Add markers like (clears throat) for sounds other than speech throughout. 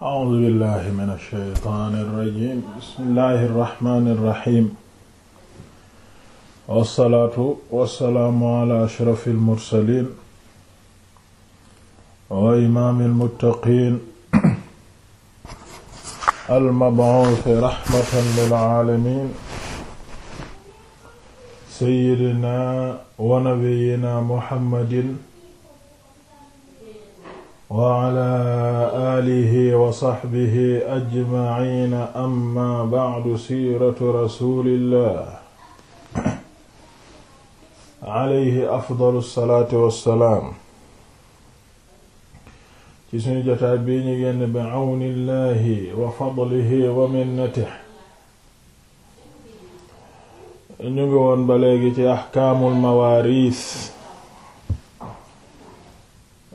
a'uuzu billahi mina shaytaani rajiim bismillahi rahmaani rahiim wassalaatu wassalaamu ala ashrafil mursaliin wa imaamil muttaqiin al-mab'uusi rahmatan lil aalamiin sayyidinaa wa nabiyyinaa muhammadin wa ala aalihi wa saxbihi ajmaciina amma bacdu siiratu rasuulillah alayhi afdalu salaatu wa salaam ci sunu jotaay bi ñu génn bi cawnillahi wa fadlihi wa minnatihi ñu ngi woon ba léegi ci axkaamul mawaariis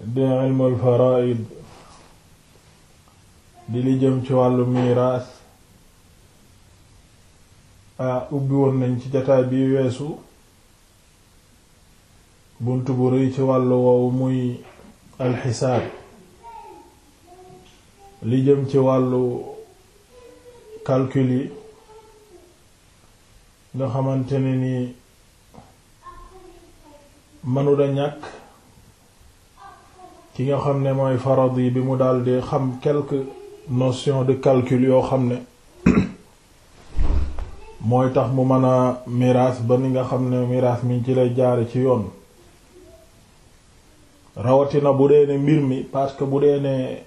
di ilmul faraid di li jëm ci wàllu miiraas a ubbi woon nañ ci jataay bi weesu bunt bu rëy ci wàllu woowu muy alxisaab li jëm ci wàllu calcul yi nga xamante ne ni mënu da ñàkk ki nga xam ne mooy farad yi bi mu dee xam quelque notion de calcul yoo xam ne (clears throat) mooy tax mu mën a miraas ba ni nga xam ne miraas mi ci lay jaare ci yoon rawatina bu dee ne mbir mi parce que bu dee ne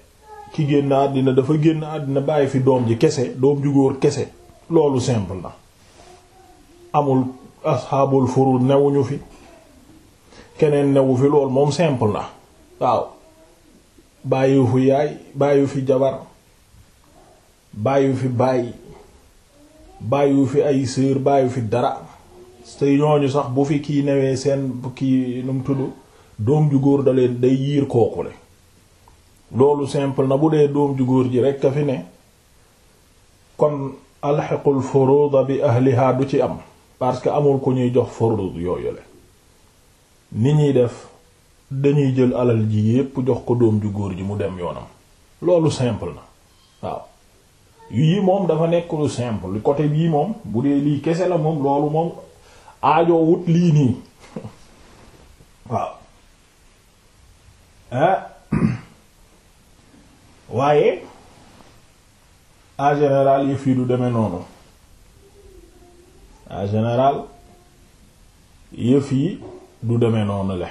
ki génn àddina dafa génn àddina bàyyi fi doom ji kese doom jugóor kese loolu simple na amul asxaabul furud newuñu fi keneen newu fi loolu moom simple na waaw bàyyiwu fi yaay bàyyiwu fi jabar bàyyiwu fi bàyyi bàyyiwu fi ay sœur bàyyiwu fi dara te ñooñu sax bu fi kii newee seen kii nu mu tudd doom ju góor da leen day yiir kooku loolu simple na bu dee doom ju góor ji rekk a fi ne kon alxequl furuda bi ahliha du ci am parce que amul ku ñuy jox furud yooyu le ni ñuy def dañuy jël alal ji yépp jox ko doom ju góor ji mu dem yoonam loolu simple na waaw yii moom dafa nekk lu simple côté bii moom bu dee lii kese la moom loolu moom aajoo wut lii nii (laughs) waaw ah (coughs) waaye en général yëf yi du demee noonu en général yëf yi du demee noonu le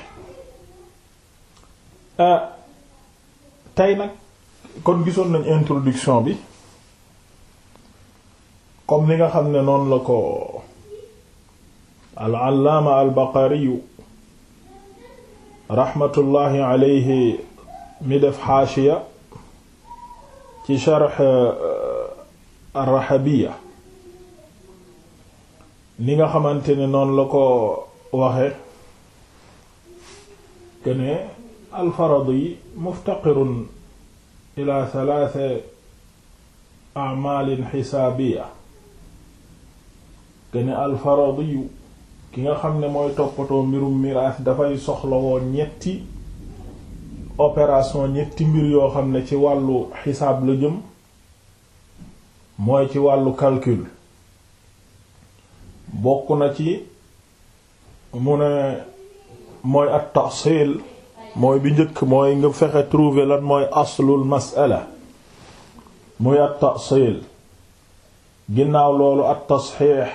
Euh, tey nag kon gisoon nañ introduction bi comme ni nga xam ne noonu la ko al-allaama al-Baqariyu raxmatullahi alayhi mi def xaashiya ci sharx euh, ar-Rahabiyya ni nga xamante ne noonu la ko waxe alfaradi muftaqirun ila thalath a'mal xisaabia kene alfaradiyu ki nga xam ne mooy toppatoo mbirum miraas dafay soxlawoo ñetti opération ñetti mbir yoo xam ne ci wàllu xisaab la jëm mooy ci wàllu calcul bokk na ci mu ne mooy at taxsil mooy bi njëkk mooy nga fexe trouver lan mooy aslul masala muy at tasil ginnaaw loolu at tasxiix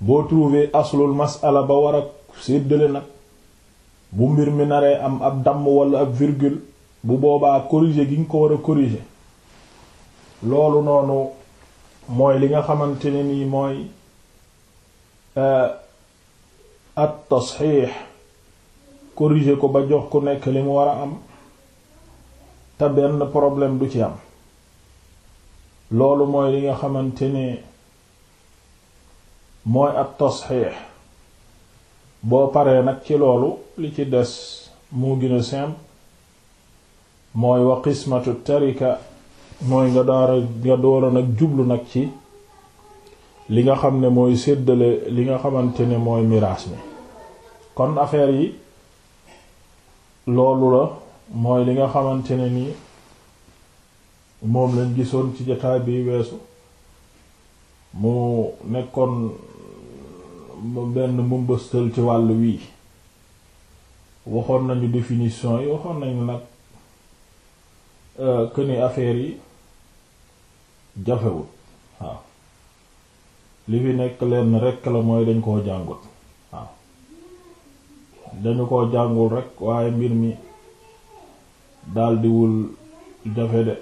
boo trouver aslul masala ba war a séddale nag bu mbir mi naree am ab dàmm wala ab virgule bu boobaa corriger gi nga ko war a corriger loolu noonu mooy li nga xamante ne nii mooy euh, at tasxiix corriger ko ba jox ku nekk li mu war a am te benn problème du ci am loolu mooy li nga xamante ne mooy ab tasxiix boo paree nag ci loolu li ci des mu gën a mooy wa qismatu tarika mooy nga daara nga doora nag jublu nag ci li nga xam ne mooy séddale li nga xamante ne mooy miraas mi kon affaire yi loolu la mooy li nga xamante ne nii moom lañ gisoon ci jotaay bi weesu mu nekkoon benn mumbëstal ci wàll wii waxoon nañu définition yi waxoon nañu nag euh, que ni affaire yi jafewul waaw li fi nekk leen rekk la mooy dañ koo jàngut dañu ko jàngul rekk waaye mbir mi daldiwul jafe de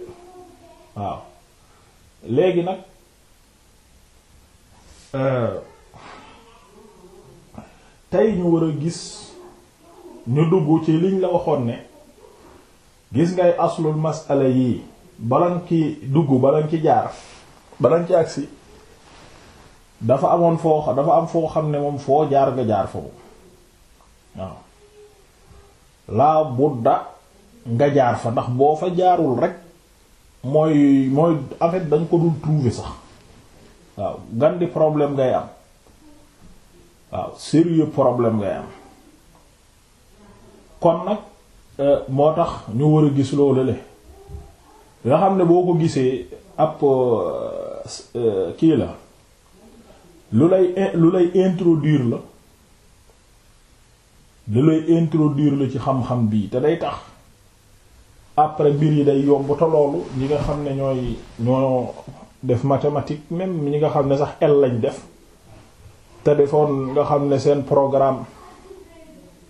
waaw léegi nag euh, tey ñu war a gis ñu dugg ci liñ la waxoon ne gis ngay aslul masala yii balan ci dugg balan ci jaar balan ci agsi dafa amoon foo dafa am foo xam ne moom foo jaar nga jaar foofu waaw laa budda nga jaar fa ndax boo fa jaarul rek mooy mooy en dañ ko dul trouver sax waaw gan di problème ngay am waaw sérieux problème ngay am kon nag euh, moo tax ñu war a gis loolu le nga xam ne boo ko gisee ab euh, euh, kii la lu lay lu lay introduire la li lay introduire la ci xam-xam bii te day tax après mbir yi day yomb te loolu ñi nga xam ne ñooy ñoo def mathématique même ñi nga xam ne sax L lañ def téléphone defoon nga xam ne seen programme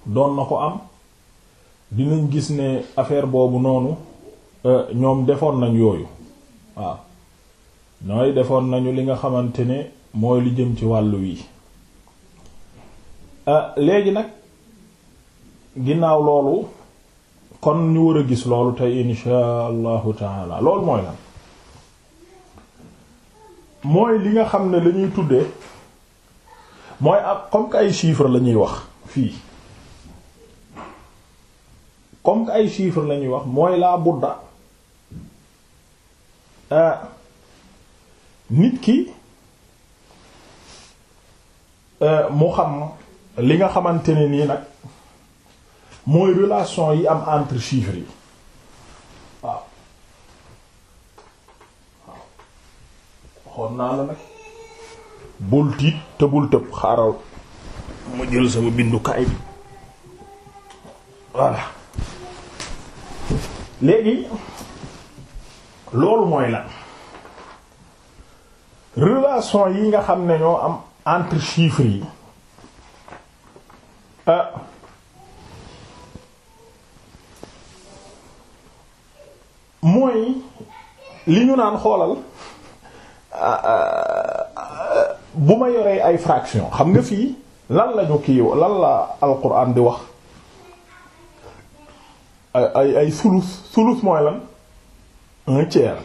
doon na ko am dinañ gis ne affaire boobu noonu euh, ñoom defoon nañ yooyu waaw ñooy defoon nañu li nga xamante ne mooy li jëm ci wàllu wi euh, léegi nag ginnaaw loolu kon ñu war a gis loolu tey insha allahu taala loolu mooy lan mooy li nga xam ne la ñuy tuddee mooy ak comme que ay chiffres la ñuy wax fii comme que ay chiffres lañuy wax mooy laa budda euh, nit ki euh, mu xam li nga xamante ne nii nag mooy relation yi am entre chiffres yi waaw waaw xoon naa la nag bul tiit te bul tëb xaaral ma jël sama bindukaay bi voilà léegi loolu mooy lan relation yi nga xam ne am entre chiffres yi euh, mooy li ñu naan xoolal bu ma yoree ay fraction xam nga fii lan lañu kii lan la alquran di wax ay ay sulus sulus mooy lan un tiers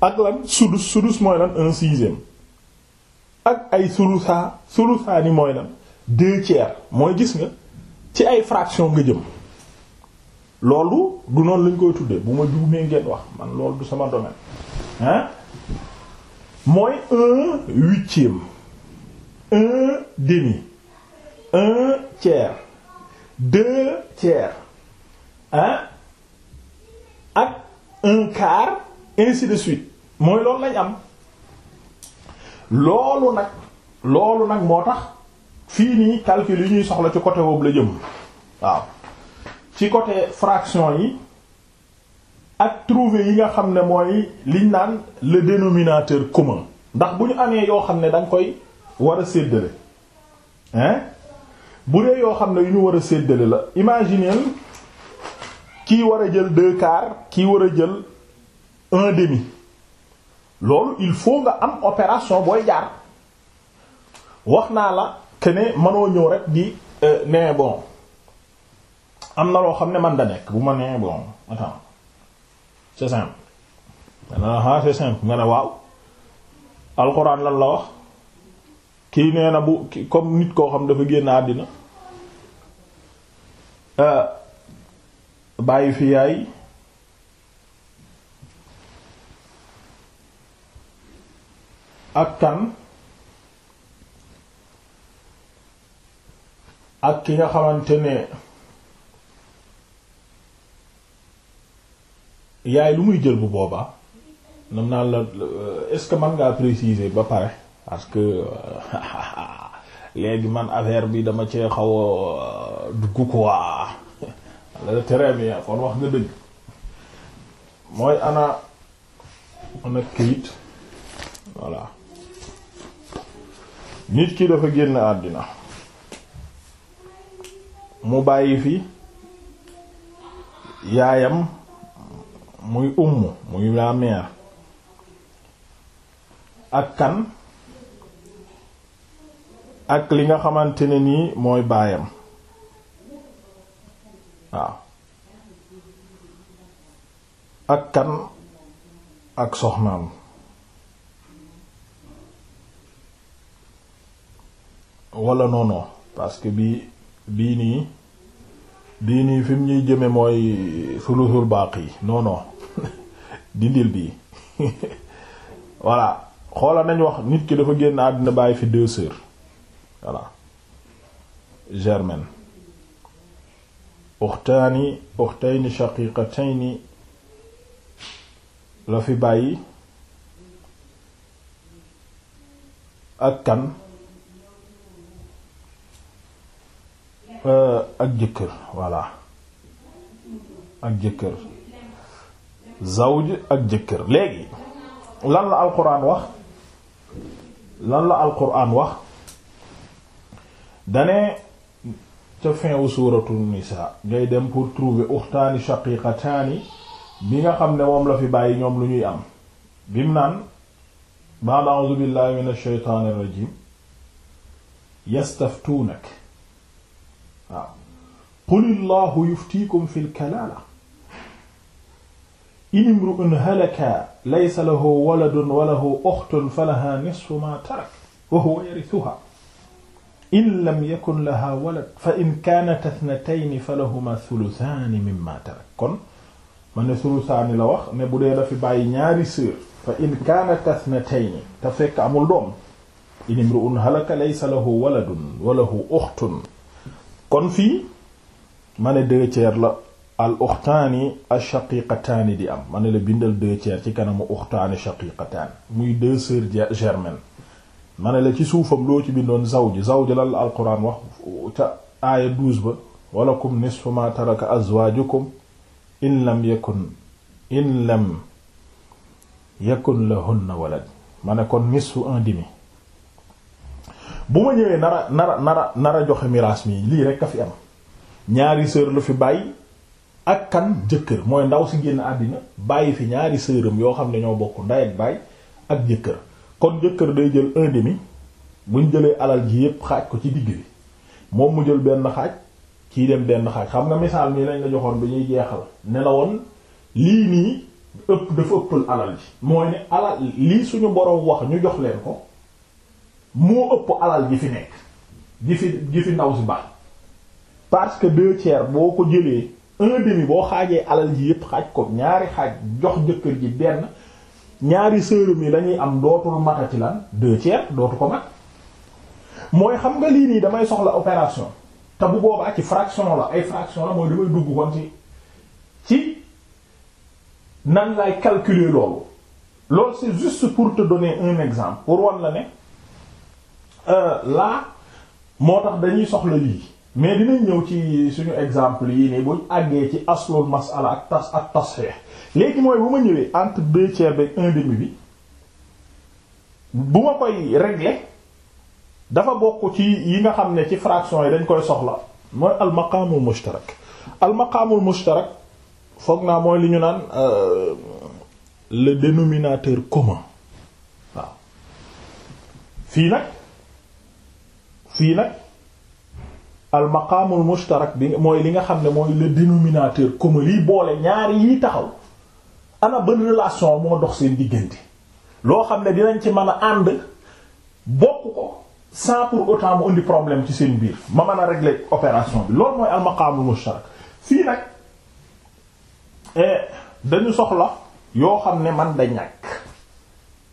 ak lan sudus sudus mooy lan un sixième ak ay sulusa sulusa ni mooy lan deux tiers mooy gis nga ci ay fraction nga jëm loolu du noonu lañ koy tuddee bu ma juumee ngeen wax man loolu du sama domaine hein mooy un huitième un demi un tiers deux tiers hein ak de suite mooy loolu lañ am loolu nag loolu nag moo tax fii nii calcul yi ñuy soxla ci côté boobu la jëm waaw ci côté fraction yi ak trouver yi nga xam ne mooy liñ naan le dénominateur commun ndax bu ñu amee yoo xam ne danga koy war a séddale hein bu dee yoo xam ne yu ñu war a séddale la imagineel kii war a jël deux quarts kii war a jël un demi loolu il faut nga am opération booy jaar wax naa la que ne mënoo ñëw rek di euh, ne bon am na loo xam ne man da nekk bu ma nee bon attends c'est simple ah nga ne waaw alxuraan lan la wax kii nee na bu comme nit koo xam dafa génn àddina euh, bàyyi fi yaay ak kan ak ki nga xamante ne yaay lu muy jël bu booba nam naan la euh, est-ce que mën ngaa préciser ba pare parce que euh, (laughs) léegi man affaire bi dama cee xaw a euh, dugg quoi (laughs) la très bien kon wax nga dëgg mooy ana ana këyit voilà nit ki dafa génn àddina mu bàyyi fi yaayam muy umm muy la ak kan ak li nga xamante ne nii mooy baayam waaw ak kan ak soxnaam wala non non bii bii nii bii nii fi ñuy jëme mooy sulusul baax yi non (laughs) dindil bii (laughs) voilà xoola nañ wax nit ki dafa génn àddina bàyyi fi deux sœurs voilà germaine uxtaani uxtayni shaqiqatayni la fi bàyyi ak kan Euh, ak jëkkër voilà ak jëkkër zawj ak jëkkër léegi lan la alquran wax lan la alquran wax dane ca fin wu suratul nisa ngay dem pour trouver uxtaani shaqiqataani bi nga xam ne moom la fi bàyyi ñoom lu ñuy am bim naan ba'da a'udhu billahi minash shaytaanir rajiim yastaftuunak waaw qulillahu yuftiikum fil kalaala in imru'un halaka laysa lahu waladun wa lahu ukhtun falaha nisfu ma tarak wa huwa yarithuha in lam yakun laha walad fa in kaanat ithnatayni falahuma thuluthaani mimma tarak kon ma ne thuluthaani la wax ne bu dee dafi bàyyi ñaari sœur fa in kaanat ithnatayni te fekk amul doom in imru'un halaka laysa lahu waladun wa lahu ukhtun kon fii ma ne deux la al uxtaani ash-shaqiqataani di am ma ne la bindal deux tiers ci kanamu uxtaani shaqiqataani muy deux sœurs germaines ma ne la ci suufam loo ci bindoon zawj zawj la la alquran wax ca aaya douze ba walakum nisfu ma taraka azwaajukum in lam yakun in lam yakun lahunna walad ma ne kon nisfu un bu ma ñëwee nara nara nara nara joxe miraas mi lii rek a fi am ñaari sœur la fi bàyyi ak kan jëkkër mooy ndaw si génn àddina bàyyi fi ñaari sœuram yoo xam ne ñoo bokk nday ak baay ak jëkkër kon jëkkër day jël un demi buñ jëlee alal ji yépp xaaj ko ci digg bi moom mu jël benn xaaj kii dem benn xaaj xam nga misaal mii lañ la joxoon bi ñuy jeexal ne la woon lii nii ëpp dafa ëppal alal ji mooy ne alal lii suñu boroom wax ñu jox leen ko moo ëpp alal ji fi nekk ji fi ji fi ndaw si baax parce que deux tiers boo ko jëlee un demi boo xaajee alal ji yépp xaaj ko ñaari xaaj jox jëkkër ji benn ñaari sërëm yi lañuy am dootul mata ci lan deux tiers dootu ko mat mooy xam nga lii nii damay soxla opération te bu boobaa ci fraction la ay fraction la mooy damay dugg kon ci ci nan lay calculer loolu loolu c'est juste pour te donner un exemple pour wan la ne Euh, laa moo tax dañuy soxla lii mais dinañ ñëw ci suñu exemple yi nii buñ àggee ci aslul masala ak tas ak tasxiix léegi mooy bu ma ñëwee entre deux tiers beeg un demi bi bu ma koy régler dafa bokk ci yi nga xam ne ci fraction yi dañ koy soxla mooy al maqaamul mushtarak al foog naa mooy li ñu naan euh, le dénominateur commun waaw fii nag fii nag al maqaamul mushtarak bi mooy li nga xam ne mooy le dénominateur commun lii boole ñaari yi taxaw ana ban relation moo dox seen diggante loo xam ne dinañ ci mën a ànd bokk ko sans pour autant mu indi problème ci seen biir ma mën a régler opération bi loolu mooy al maqaamul mushtarak fii nag eh, dañu soxla yoo xam ne man da ñàkk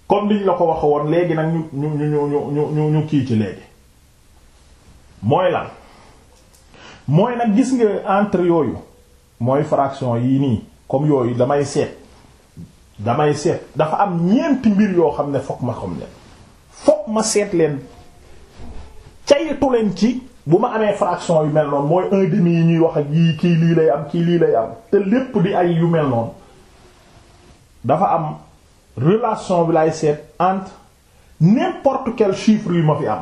comme liñ la ko wax woon léegi nag ñu ñu ñu ñu ñu ñu kii ci léegi mooy lan mooy nag gis nga entre yooyu mooy fraction yii nii comme yooyu damay seet damay seet dafa am ñeenti mbir yoo xam ne fokk ma xam ne fokk ma seet leen caytu leen ci bu ma amee fraction yu mel noonu mooy un demi ñuy wax ak yii kii lii lay am kii lii lay am te lépp di ay yu mel noonu dafa am relation bi lay seet entre n'importe quel chiffre yu ma fi am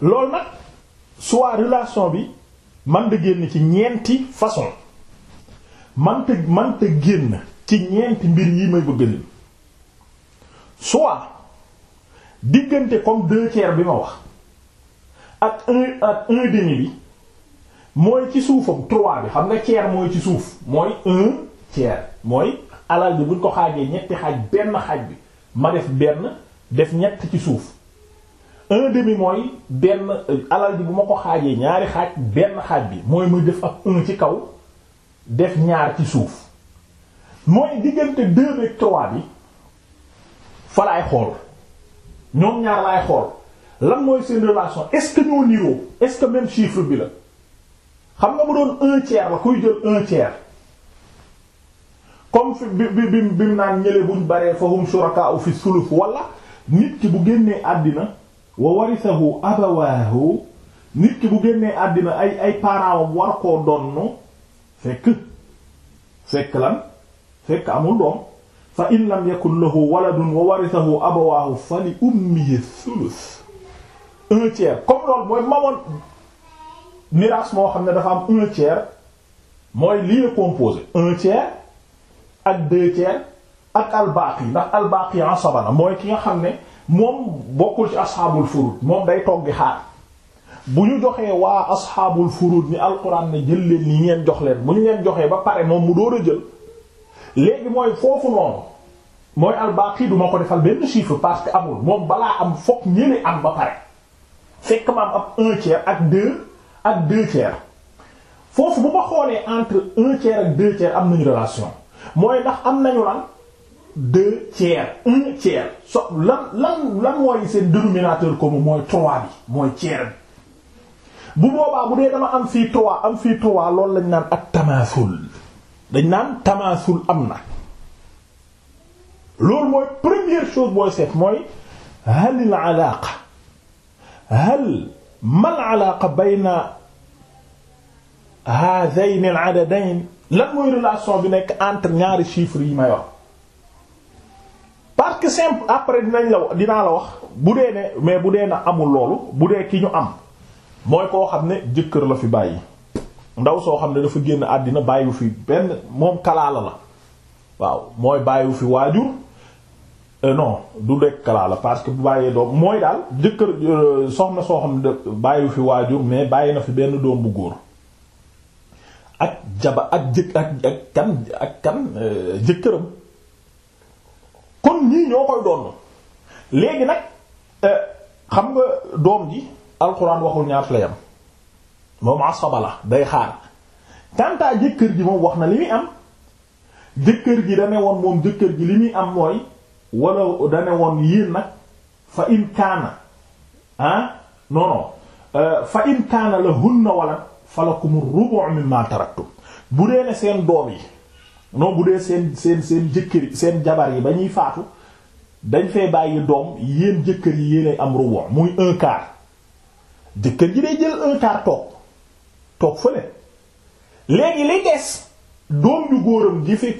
loolu nag soit relation bi man da génn ci ñeenti façon man te man te génn ci ñeenti mbir yi may bëgg lim soit diggante comme deux tiers bi ma wax ak un ak un demi bi mooy ci suufam trois bi xam nga tiers mooy ci suuf mooy un mooy alal bi buñ ko xaajee ñetti xaaj benn xaaj bi ma def benn def ñett ci suuf un demi mooy benn alal ji bu ma ko xaajee ñaari xaaj benn xaaj bi mooy muy def ak un ci kaw def ñaar ci suuf mooy diggante deux trois bi fa laay xool ñoom ñaar laay xool lan mooy seen relation est-ce que ñoo niroo est-ce que chiffre bi la xam nga mu doon un tiers la kuy jël un tiers comme fi bi bi bi mu naan ñële buñ baree fahum shurakaa'u fi sulus wala nit ki bu génnee àddina wa warisahu abawaahu nit ki bu génnee àddina ay ay parents war koo donn fekk fekk lan fekk amul doom fa in lam yakun lahu waladun wa warisahu abawaahu fa li ummihi thuluth un comme loolu mooy mamoon miraas moo xam ne dafa am un mooy lii composé un ak deux tiers ak albaqi ndax albaqi asaba la mooy ki nga xam ne moom bokkul ci asxaabul furud moom day toog xaar bu ñu joxee waa asxaabul furud ni alquran ne jël leen ni ngeen jox leen bu ñu leen joxee ba pare moom mu door a jël léegi mooy foofu noonu mooy albaqi duma ko defal benn chiffre parce que amul moom balaa am fokk ñële am ba pare fekk ma am ab un tiers ak deux ak deux tiers foofu bu ma xoolee entre un tiers ak deux tiers am nañu relation mooy ndax am nañu lan deux tiers lan lan lan mooy seen dénominateur commun mooy trois bi mooy tiers bi bu boobaa bu dee dama am fii trois am fii trois loolu lañ naan ak tamaasul dañ naan tamaasul am na loolu mooy première chose mooy halil alaaqa hal mal alaaqa bayna haadayn al adadayn lan mooy relation bi nekk entre ñaari chiffres yi may wax parce que simple après dinañ la dinaa la wax bu dee ne mais bu dee na amul loolu bu dee ki ñu am mooy koo xam ne jëkkër la fi bàyyi ndaw soo xam ne dafa génn àddina bàyyiwu fi benn moom kalaala la waaw mooy bàyyiwu fi waajur euh, non du dekk kalaala parce que bu mooy daal jëkkër euh, soxna soo xam ne bàyyiwu fi waajur mais bàyyi na fi benn doom bu góor ak jaba ak jëkk ak ak kan ak kan euh, jëkkëram kon ñii ñoo koy doon léegi nag euh, xam nga doom ji alxuraan waxul ñaata lay am moom asaba la day xaar kantaa jëkkër ji moom wax na li muy am jëkkër ji da ne moom jëkkër ji li muy am mooy wala da ne woon yéen nag fa in kaana ah non euh, fa in kaana la hunna wala falakum rubu' mimma taraktum bu dee ne seen doom yi. non bu dee seen seen seen jëkkër seen jabar yi ba ñuy faatu dañ fee bàyyi doom yéen jëkkër yi yéenay am rubu muy un quart jëkkër ji day jël un toog toog fële léegi li des doom yu góoram ji fi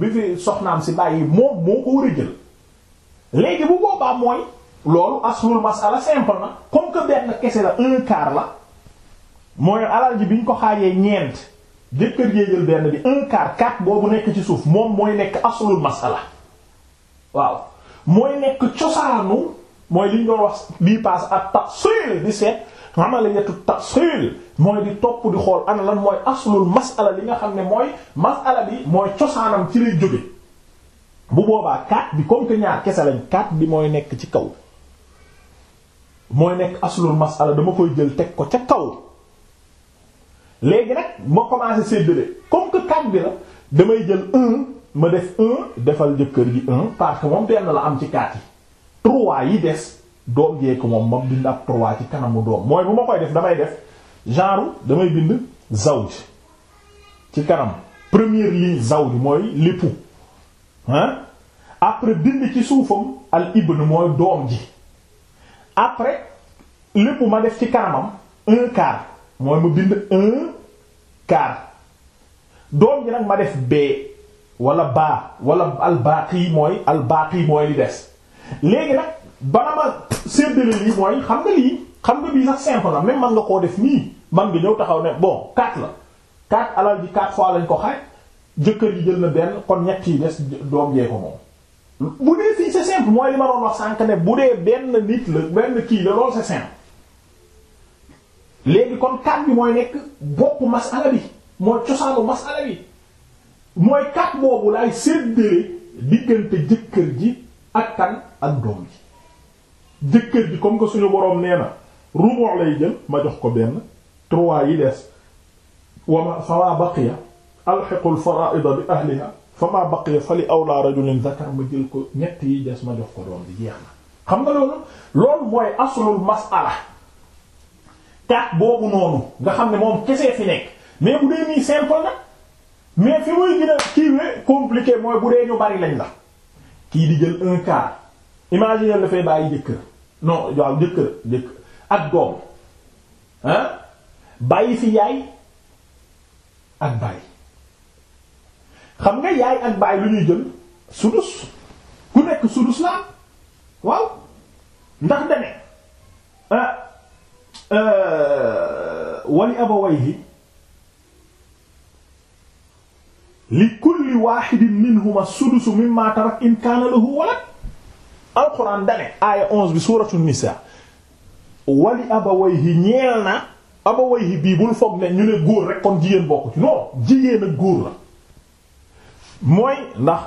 bi fi soxnaam si bàyyi moom moo ko war a jël léegi bu boobaa mooy loolu aslul masala simple na comme que benn kese la un quart la mooy alal ji biñ ko xaajee ñeent. jëkkër jee jël benn bi un quart quatre boobu nekk ci suuf moom mooy nekk aslul masala waaw mooy nekk cosaanu mooy li ñu wax bii paas ak tafsil di seet amaliyatu tafsil mooy di topp di xool ana lan mooy aslul masala li nga xam ne mooy masala bi mooy cosaanam ci lay jóge bu boobaa quatre bi comme que ñaar kese lañ quatre bi mooy nekk ci kaw mooy nekk aslul masala dama koy jël teg ko ca kaw léegi nag ma commencé séddale comme que tag bi la damay jël un ma def un defal jëkkër ji un parce que moom benn la am ci kaat yi trois yi des doom jee ko moom moom bind ab trois ci kanamu doom mooy bu ma koy def damay def genre damay bind zawj ci kanam première ligne zawj mooy l'époux hein après bind ci suufam al ibn mooy doom ji après lépp ma def ci kanamam un quart mooy ma bind un quart doom ji nag ma def b wala baa wala albaqi mooy albaqi mooy li des léegi nag bana ma séddale lii mooy xam nga lii xam nga bii sax simple na même man nga koo def nii man nga ñëw taxaw ne bon 4 la 4 alal ji 4 fois lañ ko xaaj jëkkër ji jël na benn kon ñett yi des doom jee ko moom bu dee fii c'est simple mooy li ma doon wax sànq ne bu dee benn nit la benn kii la loolu c'est simple léegi kon kat bi mooy nekk boppu masala bi mooy cosaanu masala bi mooy kat boobu laay séddale diggante jëkkër ji ak kan ji jëkkër ji comme que suñu boroom nee na lay jël ma jox ko benn trois yi des wama fama baqiya alxiqu alfara'ida bi ahliha fama baqiya fali awla rajulin zakar ma jël ko ñett yi des ma jox ko doom ji jeex na xam nga loolu loolu mooy aslul masala kat boobu noonu nga xam ne moom kese fi nekk mais bu dee nii simple nag mais fi muy gën a kiiwee compliqué mooy bu dee ñu bari lañ la kii di jël un quart imaginer dafay bàyyi jëkkër non waaw jëkkër jëkkër ak doom bàyyi fi yaay ak bàyyi xam nga yaay ak bàyyi lu ñuy jël sudus ku nekk sudus la waaw ndax deme wali abawayhi li kulli waaxidin minhuma sudusu mimma tarak in kaana lahu walad alquran dane aaya 11 bi suuratu nisaa wali abawayhi ñeel na abawayhi bii bul foog ne ñu ne góor rek kon jigéen bokku ci non jigéen ak góor la mooy ndax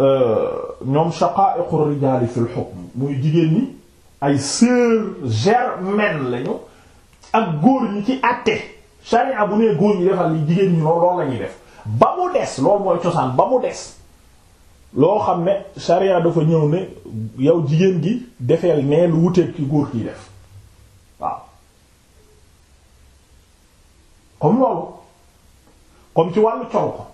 euh, ñoom shaqaa'iqu rijaali fil hukm muy jigéen ñi ay sœurs germaines lañu ak góor ñi ci àtte sharia bu nee góor ñi defal li jigéen ñi loolu loolu la def ba mu des loolu mooy cosaan ba mu des loo xam ne sharia dafa ñëw ne yow jigéen gi defeel nee lu wuteeg ki góor kiy def waaw comme loolu comme ci wàllu col ko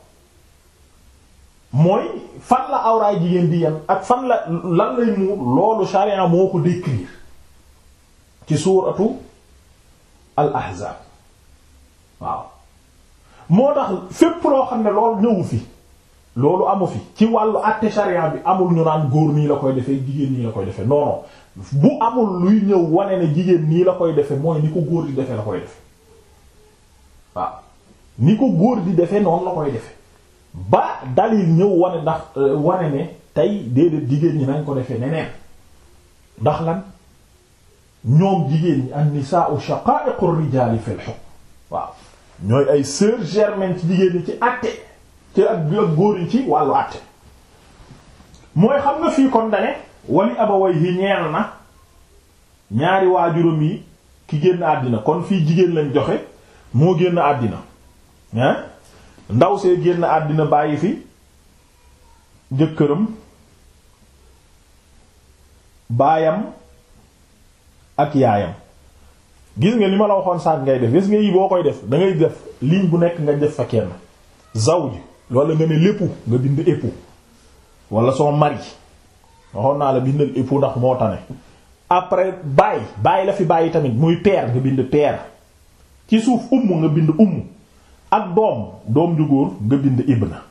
mooy fan la awraay jigéen di yem ak fan la lan lay muur loolu sharia moo ko décrire ci suuratu al ahzaab waaw moo tax fépp loo xam ne loolu ñëwu fi loolu amu fi ci wàllu àtte sharia bi amul ñu naan góor nii la koy defee jigéen nii la koy defe non bu amul luy ñëw wane ne jigéen nii la koy defe mooy ni ko góor di defe la koy defe waaw ni ko góor di defe noonu la koy defe ba dalil ñëw wane ndax euh, wane ne tey déedéet jigéen ñi nañ ko defee neneen ndax lan ñoom jigéen ak an-nisaa'u shaqaa'iqu ar-rijaali fil hukm waaw ñooy ay sœurs germaines ci jigéen ñi ci àtte ci ak góor ñi ci wàllu àtte mooy xam na fii kon dane wali abawayhi ñeel na ñaari waajuram yi ki génn àddina kon fii jigéen lañ joxe moo génn àddina hein ndaw see génn àddina bàyyi fi jëkkëram baayam ak yaayam gis nga li ma la waxoon sànq ngay def gis nga yi boo koy def dangay ngay def ligne bu nekk nga def fa kenn zawj loolu nga ne l'époux nga bind époux wala son mari waxoon naa la bindal époux ndax moo tane après baay baay la fi bàyyi tamit muy père nga bind père ci suuf umm nga bind umm ak doom doom ju góor nga bind ibna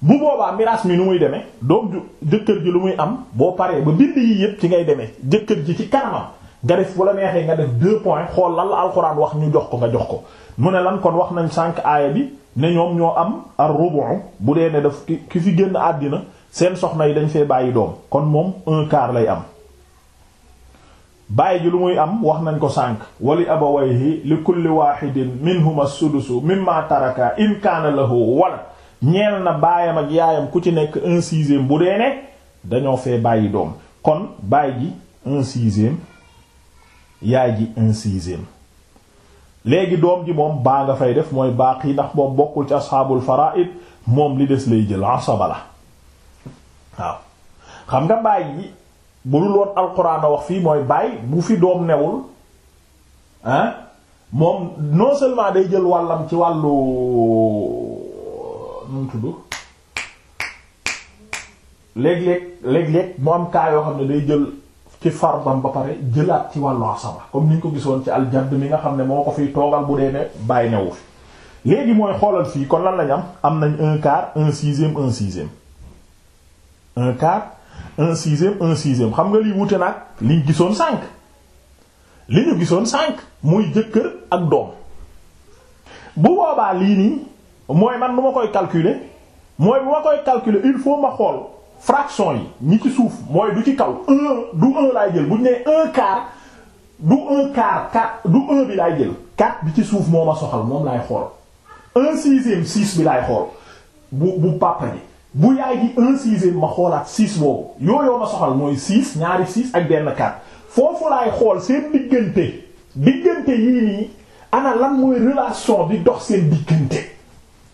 bu boobaa miraas mi nu muy demee doom ju jëkkër ji lu muy am boo paree ba bind yi yépp ci ngay demee jëkkër ji ci kanamam nga def la neexee nga def deux xool lan la alxuraan wax ñu jox ko nga jox ko mu ne lan kon wax nañ sànq aaya bi ne ñoom ñoo am ar rubu bu dee ne daf ki fi génn àddina seen soxna yi dañ fee bàyyi doom kon moom un lay am bàyyi ji lu muy am wax nañ ko sànq wali abawayhi li kulli wahidin minhuma sudusu mimma taraka in kaana lahu wala ñeel na baayam ak yaayam ku ci nekk un sixième bu dee ne dañoo fee bàyyi doom kon baay ji un sixième yaay ji un léegi doom ji moom baa nga fay def mooy baax yi ndax moom bokkul ci asxaabul faraid moom li des lay jël asaba la waaw xam nga baay bu dul woon alxuraan a wax fii mooy baay bu fi doom newul ah moom non seulement day jël wàllam ci wàllu nu mu tudd léeg-léeg léeg-léeg mu am kaa yoo xam ne day jël ci far fardam ba pare jëlaat ci wàllu asaba comme ni ñu ko gisoon ci aljadd mi nga xam ne moo ko fi toogal bu dee ne bàyyi newu fi léegi mooy xoolal fii kon lan lañ am nañ un quart un sixième un sixième un quart un sixième un sixième xam nga lii wute nag liñ gisoon cinq li gisoon cinq muy jëkkër ak doom bu boobaa lii nii mooy man bu ma koy calculer mooy bu ma koy calculer il faut ma xool fraction yi ñi ci suuf mooy du ci kaw un du un laay jël bu ñu nee un quart du un quart quart du un bi laay jël quatre bi ci suuf moo ma soxal moom lay xool un sixième six bi laay xool bu bu papa bu yaay ji un sixième ma xoolaat six boobu yooyoo ma soxal mooy six ñaari six ak benn quatre foofu laay xool seen diggante diggante yii nii ana mooy relation bi dox seen diggante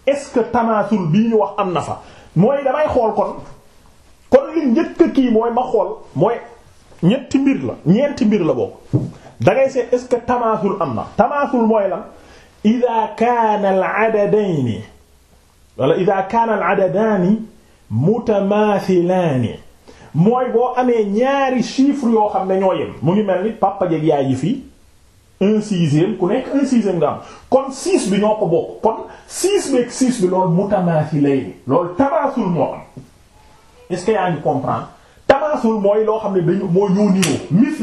est-ce que tamaasul bii ñu wax am na fa mooy damay xool kon kon li njëkk kii mooy ma xool mooy ñetti mbir la ñeenti mbir la bokk dangay seet est-ce que tamaasul am na tamaasul mooy lan ida kaana al wala ida kaana al adadaani mutamaathilaani mooy boo amee ñaari chiffre yoo xam ne ñoo yem mu ngi mel ni papa jeeg yaay yi fii un sixième ku nekk un nga am kon six bi ñoo ko bokk kon six bi ak six bi loolu mutamaathilayni loolu tamaasul moo am est mooy loo xam ne dañu moo ñoo niroo mis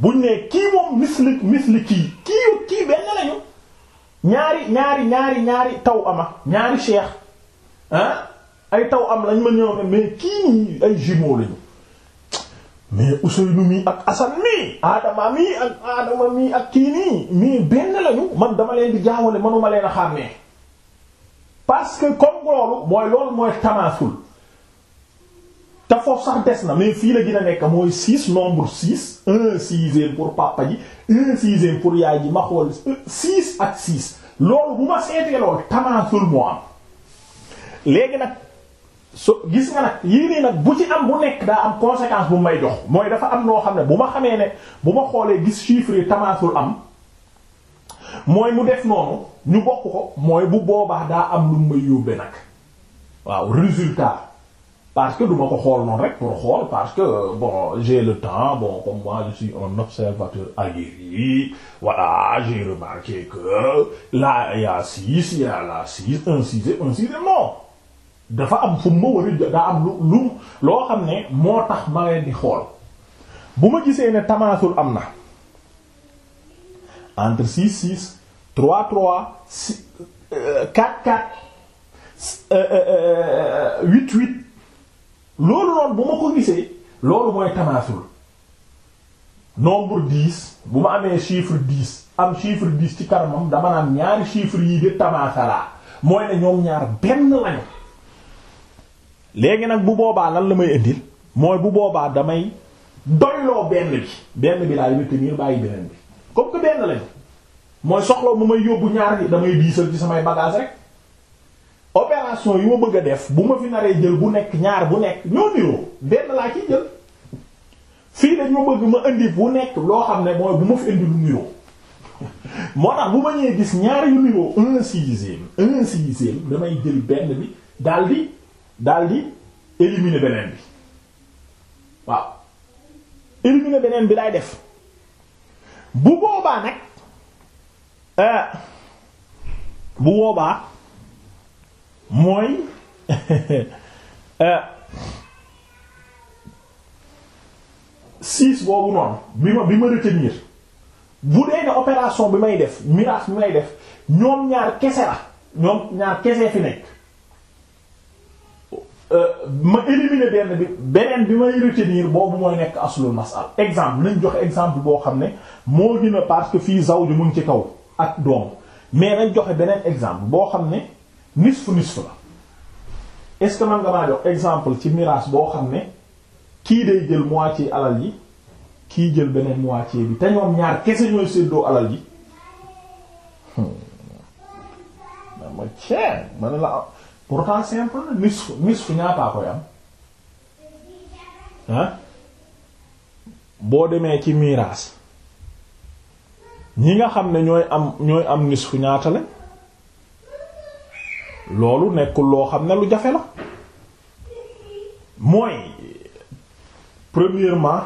buñ ne kii moom mis la mis kii kii benn lañu ñaari ñaari ñaari ñaari taw ama ñaari cheikh ah ay taw am lañ ma ñëw ne mais kii nii ay jumeaux lañu mais Ousseynou mii ak Assane mii Adama mii ak Adama mii ak kii nii mii benn lañu man dama leen di jaawale manuma leen a xàmmee parce que comme loolu mooy loolu mooy tamaasul te foofu des na mais fii la gën a nekk mooy six nombre six un sixième pour papa ji un sixième pour yaay ji ma xool six ak six loolu bu ma seetee loolu tamaasul moo am. léegi nag so gis nga nag yéenee nag bu ci am bu nekk daa am conséquence bu may jox mooy dafa am noo xam ne bu ma xamee ne bu ma xoolee gis chiffre yi tamaasul am mooy mu def noonu ñu bokk ko mooy bu boobaa daa am lu may yóbbe nag waaw résultat parce que du ma ko xool noonu rek pour xool parce que bon j'ai le temps bon comme moi je suis un observateur aguerri voilà j'ai remarqué que là il y a six il y a là six un six dafa am fu ma war a daa am lu loo xam ne moo tax ma leen di xool bu ma gisee ne tamaasul am na entre six six trois trois six euh, quatre quatre euh, euh, huit huit loolu noonu bu ma ko gisee loolu mooy tamaasul nombre dix bu ma amee chiffre dix am chiffre dix ci kanamam dama naan ñaari chiffres yi de tamaasalaa mooy ne ñoom ñaar benn lañu léegi nag bu boobaa lan la may indil mooy bu boobaa damay doyloo benn bi benn bi laay retenir bàyyi beneen bi comme que benn lañ mooy soxla mu may yóbbu ñaar bi damay diisal ci samay bagage rek opération yi ma bëgg a def bu ma fi naree jël bu nekk ñaar bu nekk ñoo niroo benn laa ciy jël fii dañ ma bëgg ma indi bu nekk loo xam ne mooy bu ma fi indi lu niroo (laughs) moo tax bu ma ñëwee gis ñaar yu niroo un sixième damay jël benn bi daldi daldi éliminer beneen bi waaw éliminer beneen bi lay def bu boobaa nag euh, bu boobaa mooy (laughs) euh, six boobu noonu bi ma bi ma retenir bu dee ne opération bi may def miraas bi may def ñoom ñaar kese la ñoom ñaar kese fi nekk Euh, ma éliminer benn bi beneen bi may retenir boobu mooy nekk aslul masal exemple nañ joxe exemple boo xam ne moo gën a parce que fii zawju mu ngi ci kaw ak doom mais nañ joxe beneen exemple boo xam ne nisfu nisfu la est man nga maa jox exemple ci miraas boo xam ne kii day jël ci alal yi kii jël beneen ci bi te ñoom ñaar kese ñooy séddoo alal yi hmm. dama ceen man la pourtant simple na nisf nisf ñaataa koy am boo demee ci miraas ñi nga xam ne ñooy am ñooy am nisfu ñaata la loolu nekkul loo xam ne lu jafe la mooy premièrement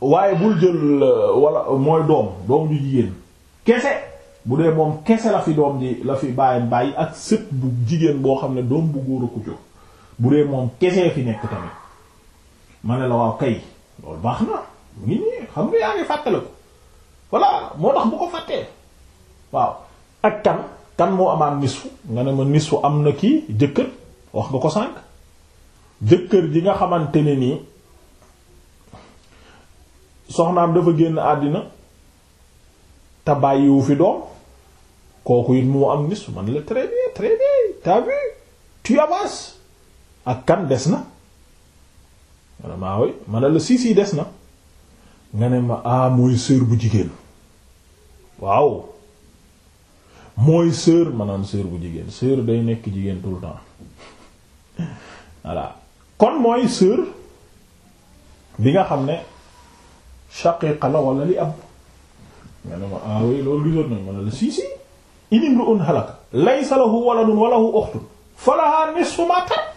waaye bul jël walla mooy doom doom ju jigéen kese bu dee moom kese la fi doom ji la fi bàyyam bàyyi ak sët bu jigéen boo xam ne doom bu góor a ko jur bu dee moom kesee fi nekk tamit ma ne la waaw kay loolu baax na mu ngi nii xam nga yaa ngi fàttale ko voilà moo tax bu ko fàttee waaw ak kan kan moo amaat nisfu nga ne ma nisfu am na kii jëkkër wax nga ko sànq jëkkër ji nga xamante ne nii soxnaam dafa génn àddina te bàyyiwu fi doom kooku it mu am nis man la très bien très bien t'as vu ak kan des na mana maa ah woy mana la si des na nga ne ma ah mooy bu jigéen waaw mooy sœur maanaam sœur bu jigéen sœur day nekk jigéen tout le temps (laughs) voilà kon mooy sœur bi nga xam ne shaqiqa la wala li ab nga ne ma ah oui loolu gisoon nañ ma ne la si in imru'un halaka laysa lahu waladun wa lahu ukhtun falaha nisfu ma tarak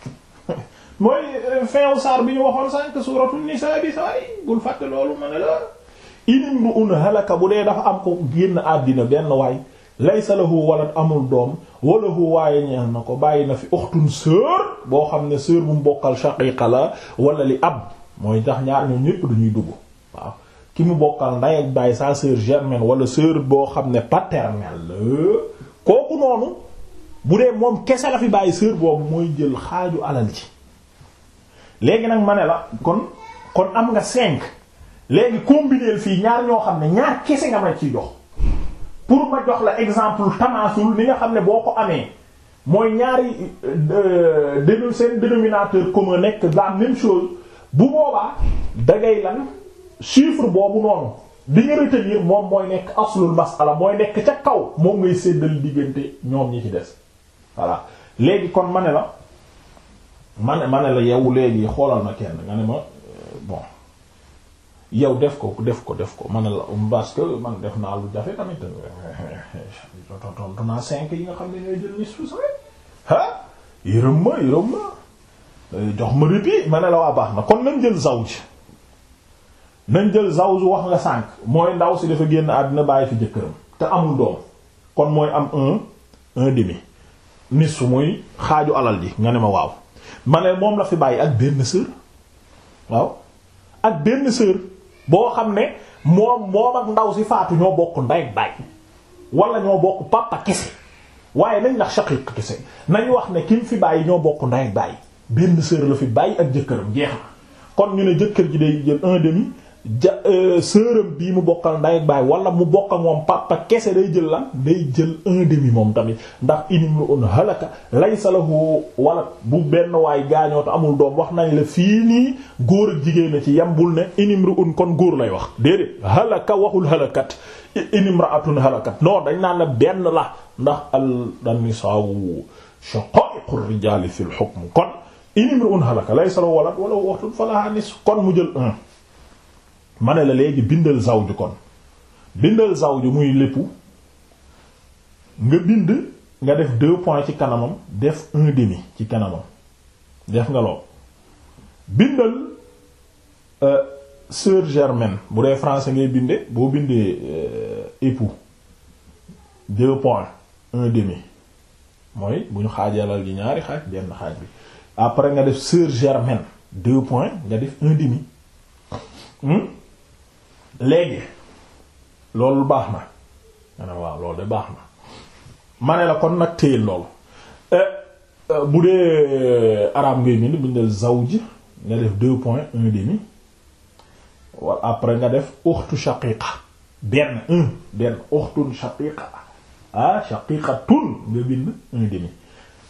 (laughs) mooy euh, fin saar bi ñu waxoon sànq suuratu nisaa bi saa yi bul fàtte loolu ma ne la in imru'un halaka bu dee dafa am ko génn àddina benn waay laysa lahu walad amul doom walla lahu waaye ñeel na ko bàyyi na fi ukhtun sœur boo xam ne sœur bu mu bokkal shaqiqa la wala li ab mooy tax ñaar ñoom ñépp duñuy dugg ki mu bokkal nday ak baay sa sœur germaine wala sœur boo xam ne paternelle kooku noonu bu dee moom kese la fi bàyyi sœur boobu mooy jël xaaju alal ji léegi nag ma ne la kon kon am nga cinq léegi combiner fii ñaar ñoo xam ne ñaar kese nga ma ciy jox pour ma jox la exemple tamasul ni nga xam ne boo ko amee mooy ñaari euh, dénu seen dénominateur commun nekk la même chose bu boobaa dangay lan chiffre boobu noonu bi nga retenir moom mooy nekk aslul masala mooy nekk ca kaw moom ngay séddal diggante ñoom ñi ci des voilà léegi kon ma ne la ma ne ma ne la yow léegi xoolal ma kenn nga ne ma euh, bon yow def ko def ko def ko ma ne la parce que man def naa lu jafe tamit (laughs) tontu naa cinq yi nga xam ne ñooy jël ni suus rek ah yërëm ma yërëm ma euh, jox ma répit ma ne la waa baax na kon nañ jël zawj nañ jël zawju wax nga sànq mooy ndaw si dafa génn àddina bàyyi fi jëkkëram te amul doom kon mooy am un un demi nisfu muy xaaju alal ji nga ne ma waaw ma ne moom la fi bàyyi ak benn sœur benn sœur boo xam ne moom moom ndaw si faatu bokk ndey ak baay bokk papa waaye nañ ndax shaqiq kese nañ wax ne kim fi bàyyi ñoo bokk nday ak baay benn sœur la fi bàyyi ak jëkkëram geex na kon ñu ne jëkkër ji day jël un demi ja euh, sërëm bii mu bokkal nday baay wala mu bokk ak moom papa kese day jël la day jël un demi moom tamit ndax inim lu un halaka laysa lahu wala bu benn waay gaañoo amul doom wax nañ la fii góor jigéen na ci yambul ne inim lu un kon góor lay wax déedéet halaka waxul halakat inim raatun halakat non dañ naan la la ndax al nisaawu shaqa'iqur rijaali fil hukm kon inim lu un kon mu jël un mane la léegi bindal zawju kon bindal zawju muy léppu nga bind nga def deux points ci kanamam def un demi ci kanamam def nga lool bindal euh, germaine bu dee français ngay binde boo bindee euh, époux deux points un demi mooy bu ñu xaajalal gi ñaari xaaj benn xaaj bi après nga def sœur germaine deux points nga def un demi hmm? léegi loolu baax na nga waaw loolu de baax na ma ne la kon nag téyel loolu eh, eh, bu dee eh, arabe ngay bind bindal zawj nga def deux point un demi wala après nga def uxtu shaqiqa benn un benn uxtun shaqiqa ah shaqiqatun nga bind un demi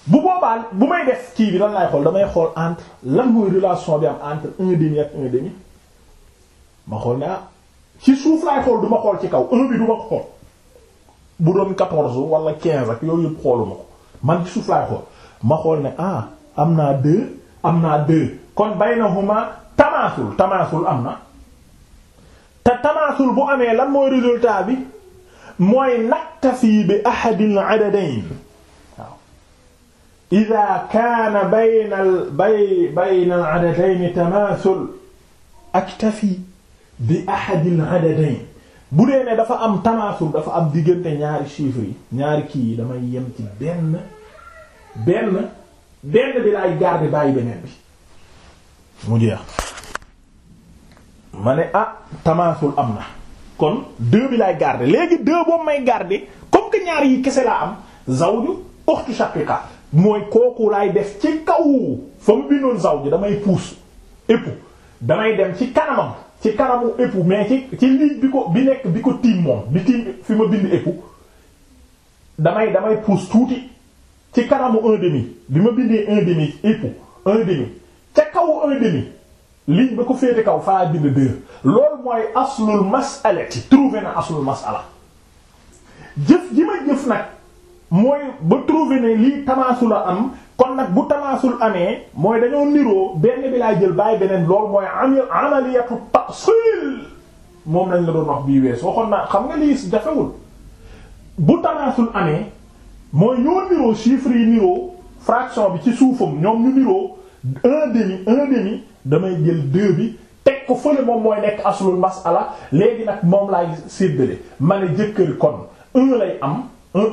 bu boobaa bu may def kii bi lan laay xool damay xool entre lan mooy relation bi am entre un demi ak un demi ma xool ne ah ci suuf laay xool du ma xool ci kaw un bi du ma ko xool bu doon quatorze wala quinze ak yooyu yëpp xooluma ko man ci suuf xool ma xool ne ah am naa deux am naa deux kon baynahuma tamaasul tamaasul am na te tamaasul bu amee lan mooy résultat bi mooy naktafi bi ahadil adadayn waaw ida kaana bayna bay bayna al adadayn tamaasul aktafi bi ahadil bu dee ne dafa am tanaasul dafa am diggante ñaari chiffres yi ñaari kii yi damay yem ci benn benn benn bi laay garder bàyyi beneen bi mu jeex ma ne ah tanaasul am na kon deux bi garde garder léegi deux may garder comme que ñaar yi kese laa am zawju ukhtu shaqiqa mooy kooku laay def ci kaw fa mu bindoon zawju damay pousse époux damay dem ci kanamam ci kanamu époux mais ci ci bi ko bi nekk bi ko tiim moom bi tiim fi ma bind époux damay damay pousse tuuti ci kanamu un demi bi ma bindee un demi époux ca kaw un demi ba ko féete kaw faa bind deux loolu mooy aslul mas'alati trouvé na aslul mas'ala jëf ji ma jëf nag mooy ba trouvé ne lii tamaasu la am kon nag bu tamaasul amee mooy dañoo niroo benn bi laay jël bàyyi beneen lool mooy amil amaliyatu tafsil moom lañ la doon wax bii wees waxoon naa xam nga lii jafewul bu tamaasul amee mooy ñoo niroo chiffre yi niroo fraction bi ci suufam ñoom ñu niroo un demi damay jël deux bi teg ko fële moom mooy nekk aslul masala léegi nag moom laay séddale ma ne jëkkër kon un lay am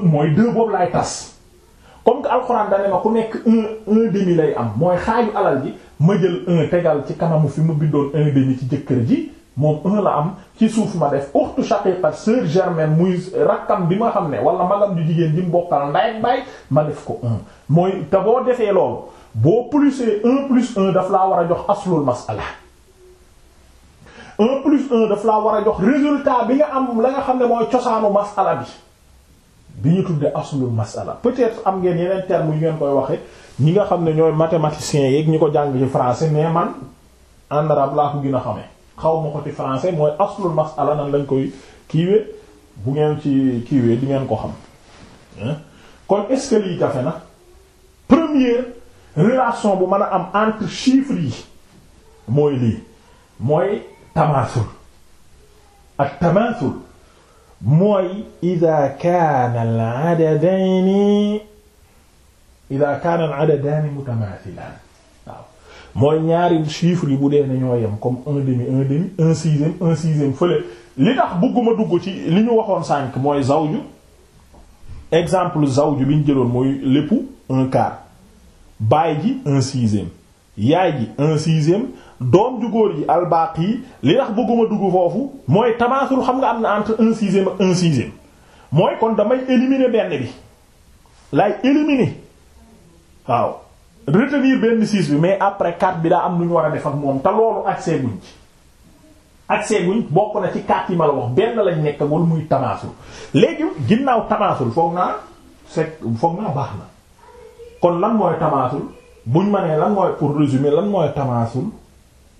mooy deux boobu laay tas comme que alxuraan dane ma ku nekk un un demi lay am mooy xaaju alal ji ma jël un tegal ci kanamu fi mu bindoon un demi ci jëkkër ji moom un la am ci suuf ma def uxtu shaqiqa sœur germaine muy rakkam bi ma xam ne wala magam ju jigéen ji mu bokkal nday bay ma def ko un mooy te boo defee loolu boo plusee un plus un daf laa war a jox aslul masala un plus un daf laa war a jox résultat bi nga am la nga xam ne mooy cosaanu masala bi bi ñu tudde aslul masala peut-être am ngeen yeneen termes yu ngeen koy waxe ñi nga xam ne ñooy mathématiciens yeeg ñi ko jàng ci français mais man en arabe laa ko gën a xamee xaw ma ko ci français mooy aslul masala nan lañ koy kiiwe bu ngeen ci kiiwee di ngeen ko xam kon est-ce jafe na première relation bu mën a am entre chiffres yi mooy lii mooy tamaasul ak tamaasul mooy ida kaana al-adadaani ida kaana al-adadaani mutamaasilaan waaw mooy ñaari chiffres yi bu dee ne ñoo yem comme un demi un demi un sixième un sixième fële li tax bëgguma dugg ci li ñu waxoon sànq mooy zawju exemple zawju bi ñu jëloon mooy lépp un quart baay ji un sixième yaay ji un sixième doom ju góor yi albaqi li tax bëgguma dugg foofu mooy tamaasul xam nga am na entre un sixième ak un sixième mooy kon damay éliminer benn bi lay éliminer waaw retenir benn six bi mais après quatre bi daa am lu ñu war a def ak moom te loolu accès guñ ci accès guñ bokk na ci quatre yi ma la wax benn lañ nekkagul muy tamaasul léegi ginnaaw tamaasul foog naa c'est foog naa baax na kon lan mooy tamaasul buñ ma nee lan mooy pour résumer lan mooy tamaasul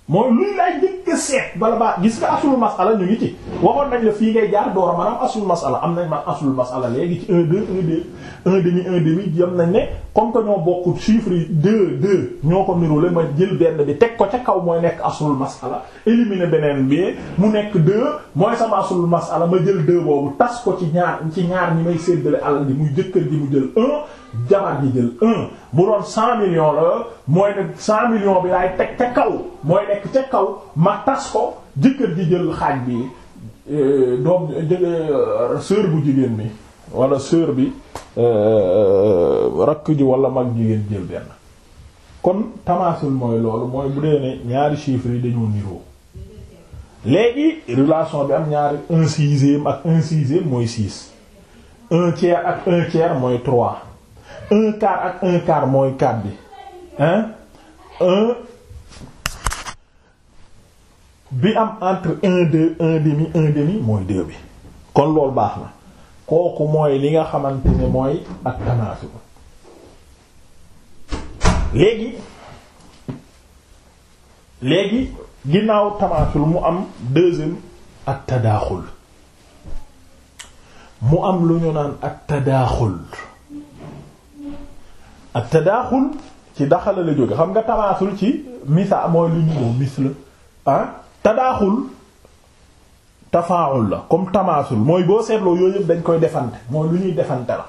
mooy luy laay jëkk seet bala baa gis nga aslul masala ñu ngi ci waxoon nañ la fii ngay jaar door a maanaam aslul masala am nañ ma aslul masala léegi ci un deux un deux un demi un demi comme que ñoo bokk chiffre yi deux deux ñoo ko nirule ma jël benn bi teg ko ca kaw mooy nekk aslul masala éliminer beneen bi mu nekk deux mooy sama aslul masala ma jël deux boobu tas ko ci ñaar ci ñaar ñi may séddale alal ji muy jëkkër ji mu jël un jabar ji jël un bu doon cent millions la mooy nekk cent millions bi laay teg ca kaw mooy nekk ca kaw ma tas ko jëkkër ji jël xaaj bi euh, doom jëlee euh, sœur bu jigéen bi wala sœur bi Euh, euh, rakk ji wala mag jigéen jël benn kon tamaasul mooy loolu mooy bu dee ne ñaari chiffres yi dañoo niroo léegi relation bi am ñaari un sixième ak un sixième mooy six un tiers ak un tiers mooy trois un quart ak un quart mooy quatre bi hein un bi am entre un deux un demi un demi mooy deux bi kon loolu baax na kooku mooy li nga xamante ni mooy ak tanaasul léegi léegi ginnaaw tanaasul mu am deuxième ak tadaaxul mu am lu ñu naan ak tadaaxul ak tadaaxul ci daxala la jóge xam nga tanaasul ci misa mooy lu ñu ñëw mis la tadaaxul tafaawul la comme tamaasul mooy boo seetloo yooyu yëpp dañ koy defante mooy lu ñuy defante la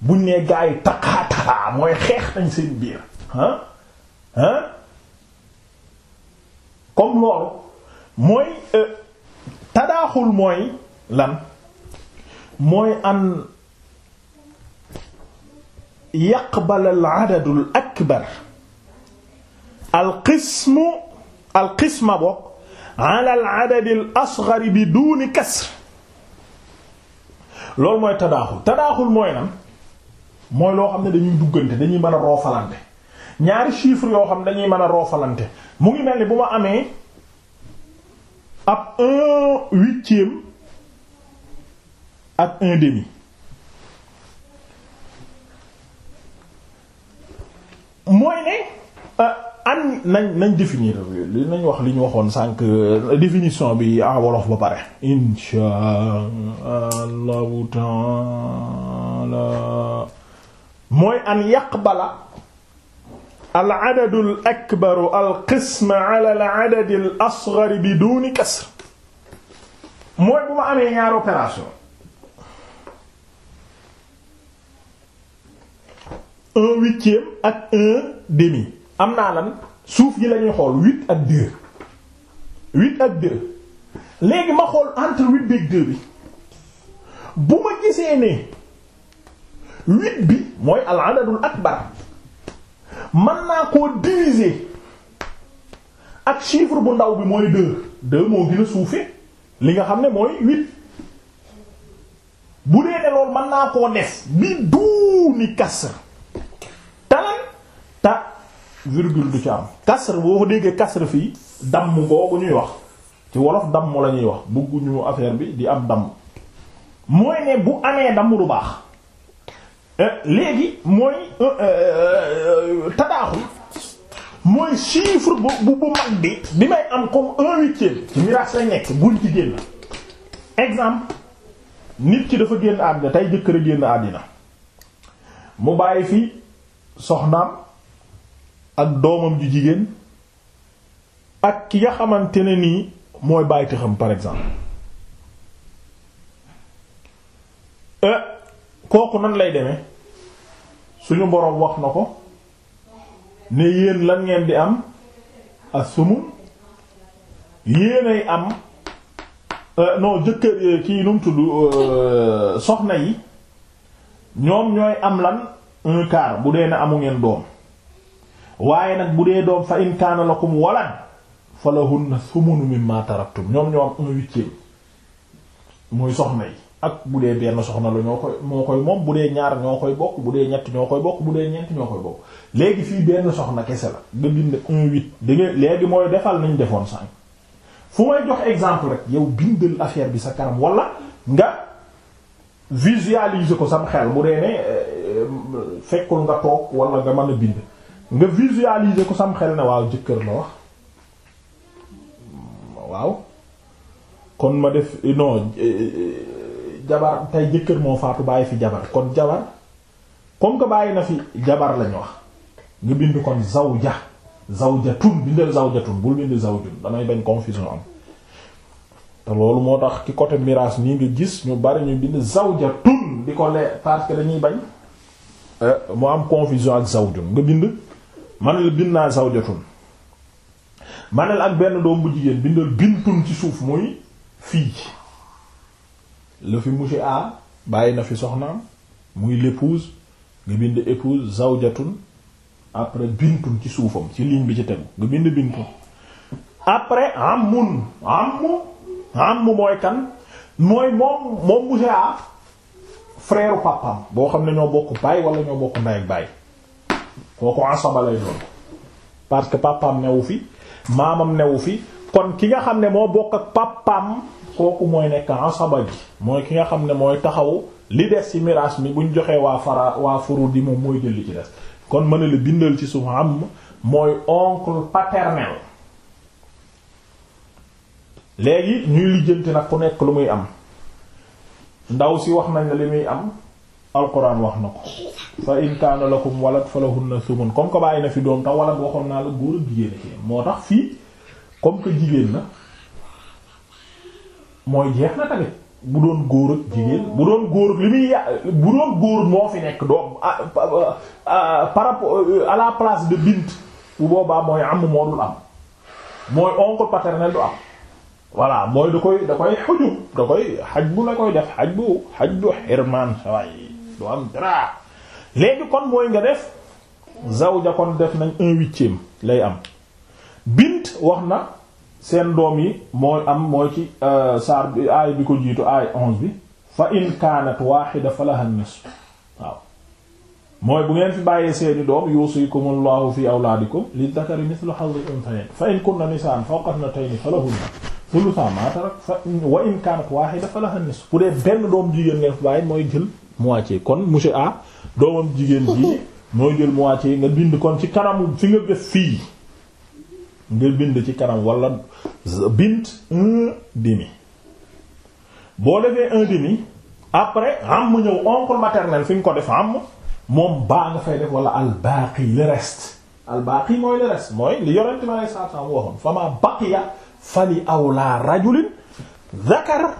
buñ nee gaa yi takaa takaa mooy xeex nañ seen biir ah ah comme loolu mooy euh, tadaaxul mooy lan mooy an yaqbal al adadu al akbar al qismu al qisma bokk ala al adad al asghar bi duuni kasr loolu mooy tadaaxul tadaaxul mooy lan mooy loo xam ne dañuy duggante dañuy mën a roofalante ñaari chiffre yoo xam ne dañuy mën a roofalante mu ngi mel ni bu ma amee ab un huitième ak un demi mooy ne euh, an nañ nañ définir li nañ wax li ñu waxoon sànq définition bi en wolof ba pare insha allahu taala mooy an yaqbala al adadu al akbar al qism ala al adad al asghar bidun kasr mooy bu ma amee ñaar opération un huitième ak un demi am naa lan suuf yi lañuy xool huit ak deux huit ak deux léegi ma xool entre huit beeg deux bi bu ma gisee ne huit bi mooy al adadul akbar man naa koo diviser ak chiffre bu ndaw bi mooy deux deux moo gën suufee li nga xam ne mooy huit bu dee ne loolu mën naa koo def bi duuni kasr talan ta virgule du ci am kasr boo ko déggee kasr fii damm ngoogu ñuy wax ci wolof damm la ñuy wax bëgguñu affaire bi di am damm mooy ne bu amee damm du baax euh, léegi mooy euh, euh, tadaaxul mooy chiffre bu bu mag bi bi may am comme un huitième ci miraas lay nekk buñ nit ki dafa génn àddina tey jëkkër a génn àddina mu bàyyi fi soxnaam ak doomam ju jigéen ak ki nga xamante ne nii mooy bàyyiti xam par exemple euh, kooku nan lay deme suñu boroom wax na ko ne yéen lan ngeen di am a assumu yéenay am euh, noo jëkkër euh, kii nu mu tudd soxna yi ñoom ñooy am lan un bu dee ne amu ngeen doom waaye nag bu dee doom fa in kaana lakum walad falahunna thumunu mimma taraktum ñoom ñoo am un huitième muy soxna yi ak bu dee benn soxna la ñoo koy moo moom bu dee ñaar ñoo koy bokk bu dee ñett ñoo koy bokk bu dee ñeent ñoo koy bokk léegi fii benn soxna kese la nga bind un huit da nga léegi mooy defal nañ defoon sànq fu may jox exemple rek yow bindal affaire bi sa kanam wala nga visualiser ko sam xel bu dee ne euh, fekkul nga toog wala nga mën a bind nga visualiser ko sam xel ne waaw jëkkër la wax waaw kon ma def eh, non eh, eh, jabar tey jëkkër moo faatu bàyyi fi jabar kon jabar comme que bàyyi na fi jabar lañ wax nga bind kon zawja zawjatun bindal zawjatun bul bind zawjun damay bañ confusion am te loolu moo tax ki côté miraas nii nga gis ñu bari ñu bind zawjatun di ko lee parce que dañuy bañ mu am confusion ak zawjun nga bind manal binnaa zawjatun manal ak benn doom bu jigéen bindal bintu ci suuf muy fii la fi monsieur bàyyi na fi soxnaam muy l'épouse nga bind épouse zawjatun après bintun ci suufam ci ligne bi ci tegu nga bind bintun après amun amu amu mooy kan mooy moom moom monsieur A frère boo xam ne ñoo bokk baay wala ñoo bokk ndey ak baay kooku asaba lay doon parce que papaam newu fi maamam newu fi kon ki nga xam ne moo bokk ak papaam kooku mooy nekk asaba ji mooy ki nga xam ne mooy taxaw li des ci miraas mi buñ joxee waa fara waa furu di moom mooy jël ci des kon mën na la bindal ci suuf am mooy oncle paternel léegi ñuy lijjanti nag ku nekk lu muy am ndaw si wax nañ li muy am alquran wax na ko fa in kaana lakum walad falahunna sumun comme que bàyyi na fi doom tax walad waxoon naa la góor ak jigéen a ci moo tax fii comme que jigéen na mooy jeex na tamit bu doon góor ak jigéen bu doon góor moo fi nekk doom par rapport euh, à la place de bint bu boobaa mooy am moo dul am mooy oncle paternel du am voilà mooy da koy da koy xujub da koy xaj bu la koy def xaj bu xirmaan sa doo am dara kon mooy nga def zawja kon def nañ un huitième lay am bint wax na seen doom yi mooy am mooy ci euh, saar bi aay bi ko jiitu aay onze bi fa in kaanat waaxida falaha nisf waaw mooy bu ngeen fi bàyyee seeni doom yuusikumullahu fi awlaadikum lizzakari mithlu hazzil unthayayn fa in kunna nisaan fawqa ithnatayni falahunna thulutha ma tarak fa wa in kaanat waaxida falaha nisf bu dee benn doom jigéen ngeen fi bàyyi mooy jël moitié kon monsieur A doomam jigéen ji (laughs) mooy jël moitié nga bind kon ci kanamu fi nga def fii nga bind ci kanam walla bint un demi boo defee un demi après am ñëw oncle maternel fi nga ko def am moom baa nga fay def wala albaaqi le reste albaaqi mooy le reste mooy li yorent ma lay saa saa mu waxoon fa ma baqiya fali awla rajulin zakar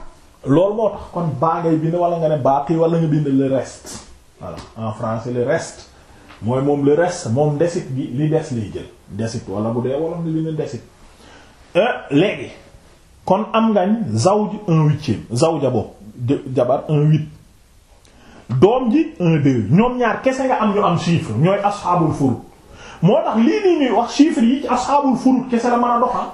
lool moo tax kon baa ngay bind wala nga ne baaqi wala nga bind le reste voilà en français le reste mooy moom le reste moom desit gi li des liy jël desit wala bu dee wolof nga bind desit euh, léegi kon am ngañ zawj un huitième zawja boobu jabar un huit doom ji un deux ñoom ñaar kese nga am ñu am chiffre ñooy asxaabul furud moo tax lii nii ñuy wax chiffre yi ci asxaabul furud kese la mën a doxal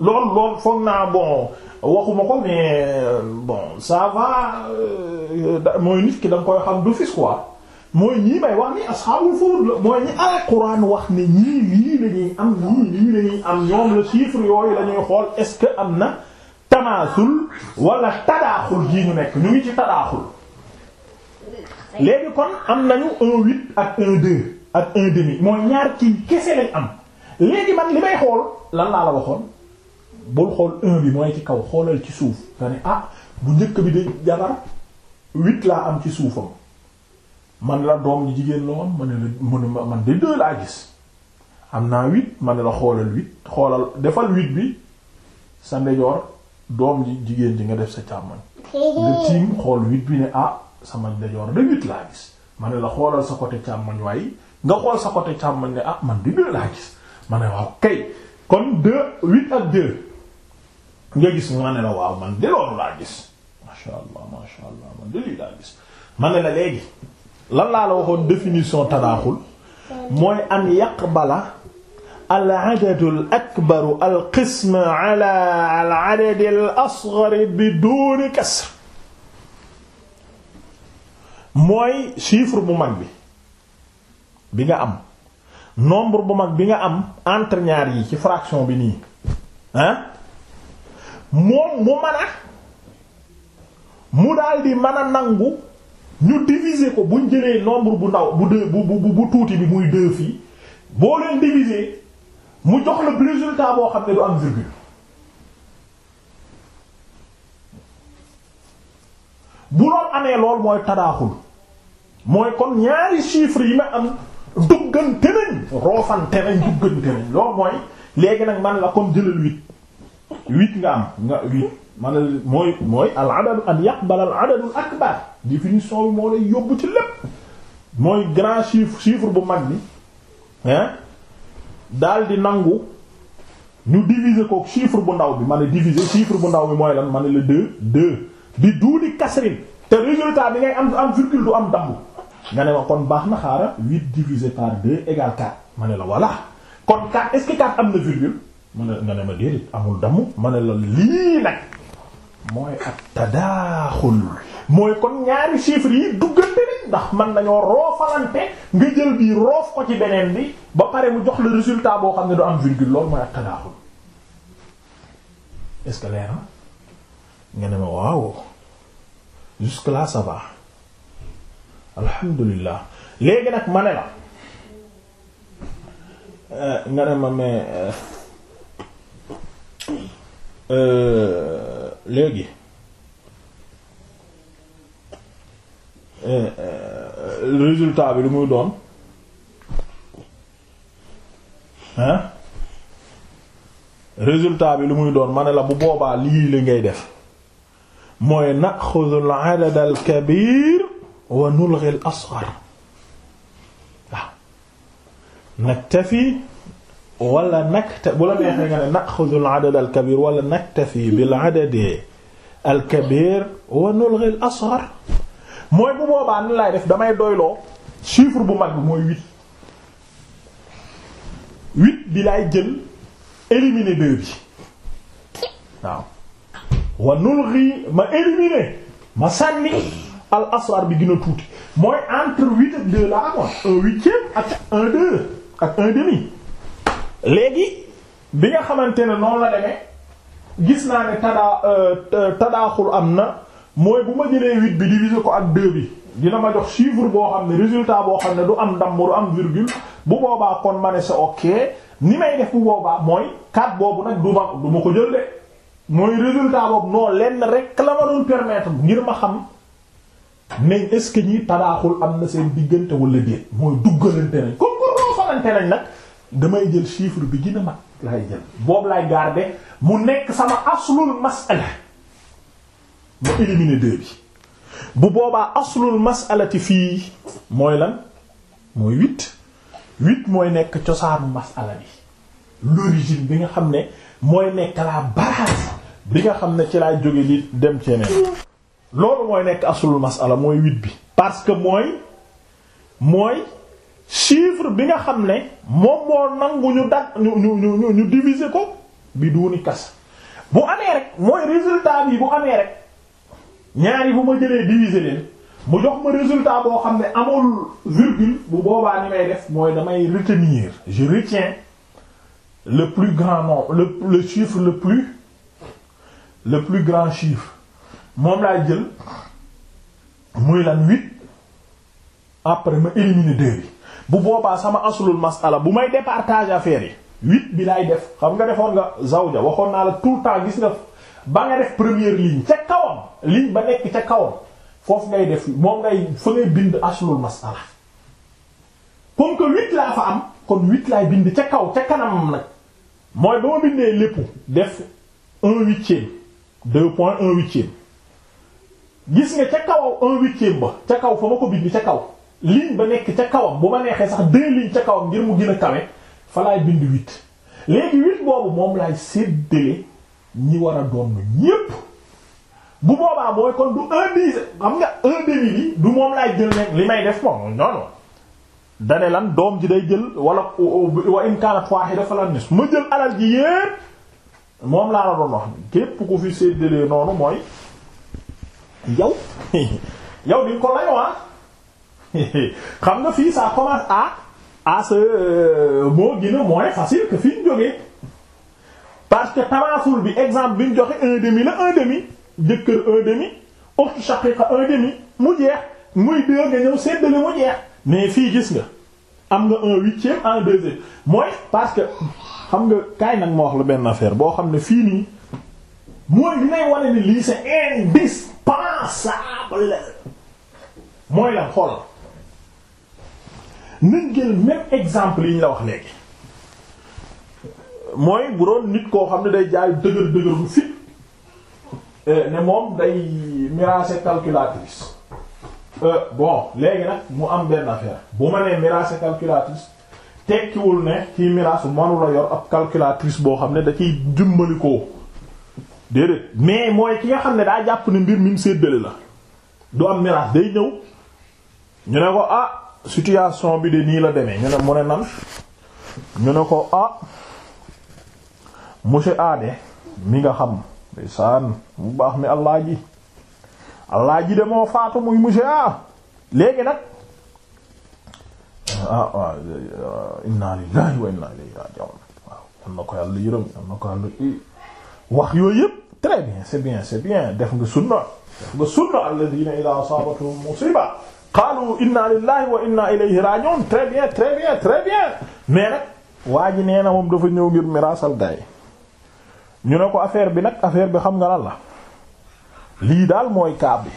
loolu loolu foog naa bon waxuma ko mais euh, bon ça va euh, mooy nit ki da nga koy xam du fis quoi mooy ñii may wax ni asxaabul furud la mooy ñi al Qur'an wax ne ñii lii la am ñoom la chiffre yooyu la ñuy xool est-ce que am na tamaasul wala tadaaxul jii ñu nekk ñu ngi ci tadaaxul léegi kon am nañu un huit ak un deux ak un demi mooy ñaar kii kese lañ am léegi man li may xool lan laa la waxoon. bul xool un bi mooy ci kaw xoolal ci suuf nga ne ah bu njëkk bi di jabar huit laa am ci suufam man la doom ji jigéen la woon ma ne la man de deux laa gis am naa huit ma ne la xoolal huit xoolal defal huit bi sa ndejoor doom ji jigéen ji nga def sa càmmoñ nga xool huit bi ne ah, sama ndejoor de huit ma ne la xoolal sa côté càmmoñ waaye nga xool sa côté càmmoñ ne ah man de deux laa gis ma ne waaw kay kon deux huit ak deux nga gis ma ne la waaw man de loolu laa gis masha allah allah man de lii ma ne la léegi lan laa la waxoon définition tadaaxul mooy an yaqbala al adadu al akbaru al qisma ala al adadi al asghari biduni kasr mooy chiffre bu mag bi bi nga am nombre bu mag bi nga am entre ñaar yi ci fraction bi nii moom mu mën a mu daal di mën a nangu ñu diviser ko buñ jëlee nombre bu ndaw bu deux bu bu bu tuuti bi muy deux fii boo leen diviser mu jox la résultat boo xam ne du am la bu loolu amee lool mooy tadaaxul mooy kon ñaari chiffres yi ma am duggante nañ roofante nañ loolu mooy léegi nag man la comme jëlal huit huit nga am nga huit man mooy mooy al adadu an yaqbal al adadul akbar définition bi moo lay yóbbu ci lépp mooy grand chiffre chiffre bu mag bi hein daal di nangu nu diviser ko chiffre bu ndaw bi man a diviser chiffre bu ndaw bi mooy lan ma a la deux deux bi duudi kasrin te résultat bi ngay am am virgule du am damb nga ne ma kon baax na xaaral huit divisé par deux égale quatre ma ne la voilà kon quatre est-ce que quatre am na virgule mu ne nga ne ma déedéet amul damm ma la lii nag mooy ak tadaaxul mooy kon ñaari chiffres yi duggante ni ndax man nañoo roofalante nga jël bii roof ko ci beneen bi ba pare mu jox le résultat boo xam ne du am virgule loolu mooy ak tadaaxul est nga ne ma waaw jusque là ça va léegi nag ma la euh, nga ne ma mais euh, léegi résultat bi lu muy doon hein résultat bi lu muy doon ma la bu boobaa lii li ngay def mooy naxudu al adad al kabir wa nulghi al asghar naktafi wala nakta bu la neexee nga ne naxudu al adad al kabir wala naktafi bil adadi al kabir wa nulghi al asghar mooy bu boobaa ni laay def damay doyloo chiffre bu mag bi mooy huit huit bi laay jël éliminer deux bi waaw wa nulghi ma éliminer ma sànni al asghar bi gën a tuuti mooy entre huit ak deux la amoon un huitième ak un deux ak un demi léegi bi nga xamante ne noonu la demee gis naa ne tadaa euh, tadaaxul am na mooy bu ma jëlee huit bi diviser ko ak deux bi dina ma jox chiffre boo xam ne résultat boo xam ne du am damm du am virgule bu boobaa kon ma ne c'est ok ni may def bu boobaa mooy quatre boobu nag du ma du ma ko jël de mooy résultat boobu non lenn rek la ma doon permettre ngir ma xam ne est-ce que ñi tadaaxul am na seen diggante wala déet mooy duggalante nañ comme ko roo falante nañ nag damay jël chiffre bi gën a mag laay jël boobu laay garder mu nekk sama aslul masala mu éliminer deux bi bu boobaa aslul masalati fii mooy lan mooy huit huit mooy nekk cosaanu masala bi l'origine bi nga xam ne mooy nekk la base bi nga xam ne ci laay jóge li dem ci loolu mooy nekk aslul masala mooy wit bi parce que mooy mooy chiffre bi nga xam ne moom moo nangu ñu dag ñu ñu ñu ñu ko bi duuni kas bu amee rek mooy résultat bi bu amee rek ñaari bu ma jëlee diviser leen mu jox ma résultat boo xam ne amul virgule bu boobaa ni may def mooy damay retenir je retiens le plus grand nombre le chiffre le plus le plus grand chiffre moom laa jël muy lan huit après ma éliminer deux bu boobaa sama aslul masala bu may départage affaire yi huit bi laay def xam nga defoon nga zawja waxoon naa la tout le temps gis nga ba nga def première ligne ca kawam ligne ba nekk ca kawam foofu ngay def moom ngay fa ngay bind aslul masala laa fa am kon huit laay bind ca kaw ca kanamam nag mooy ba ma bindee lépp def un huitième deux point un huitième gis nga ca kaw un huitième ba ca kaw fa ma ko bind ca kaw ligne ba nekk ca kawam bu ma neexee sax deux lignes ca kawam ngir mu gën a kawe fa laay bind huit léegi huit boobu moom laay séddale ñi war a doon ñépp bu boobaa mooy kon du un dix xam nga un demi bi du moom laa jël ne li may def moom non non lan doom ji day jël wala wa in kanat wahida falan nis ma jël alal ji yépp la doon wax képp ku fi séddalee noonu mooy yow (laughs) yow di ko lañu (laughs) xam nga fii sa commence à à se euh, moo gën a facile que fi ñu parce que tamasul bi exemple bi ñu joxe un demi la un demi jëkkër un demi ukhtu mu jeex muy deux nga ñëw séddale mu jeex mais fii gis nga am nga un huitième en deuxième mooy parce que xam nga kaay nag ma wax la benn affaire boo xam ne fii nii mooy dinay wane ni lii c'est indispensable mooy lan xoolal nañ jël exemple yi ñu la wax léegi mooy bu doon nit koo xam ne day jaay dëgër dëgër bu fit eh, ne moom day miraase calculatrice eh, bon léegi nag mu am benn affaire bu ma nee miraase calculatrice tekkiwul ne kii miraas manu yor ab calculatrice boo xam ne da ciy jumbalikoo déedéet mais mooy ki nga xam ne daa jàpp ne mbir mi mu la du am miraas day ñëw ñu ne ko ah situation bi de nii la demee ñu ne mu ne nan ñu ne ko ah monsieur aade mi nga xam ndeysaan bu baax mi allah ji allah ji de moo faatu muy monsieur a léegi nag ah waaw inna lillahi wa inna ilayhi raji'un waaw am na ko yàlla yërëm am na ko yàlla wax yooyu yëpp très bien c'est bien c'est bien def nga sunna def nga sunna alladhina ila asabatuhum musiba qaalu inna lillahi wa inna ilayhi raji'un très bien très bien très bien mais nag waa ji nee na moom dafa ñëw ngir miraasal gaay ñu ne ko affaire bi nag affaire bi xam nga lan la lii daal mooy cas bi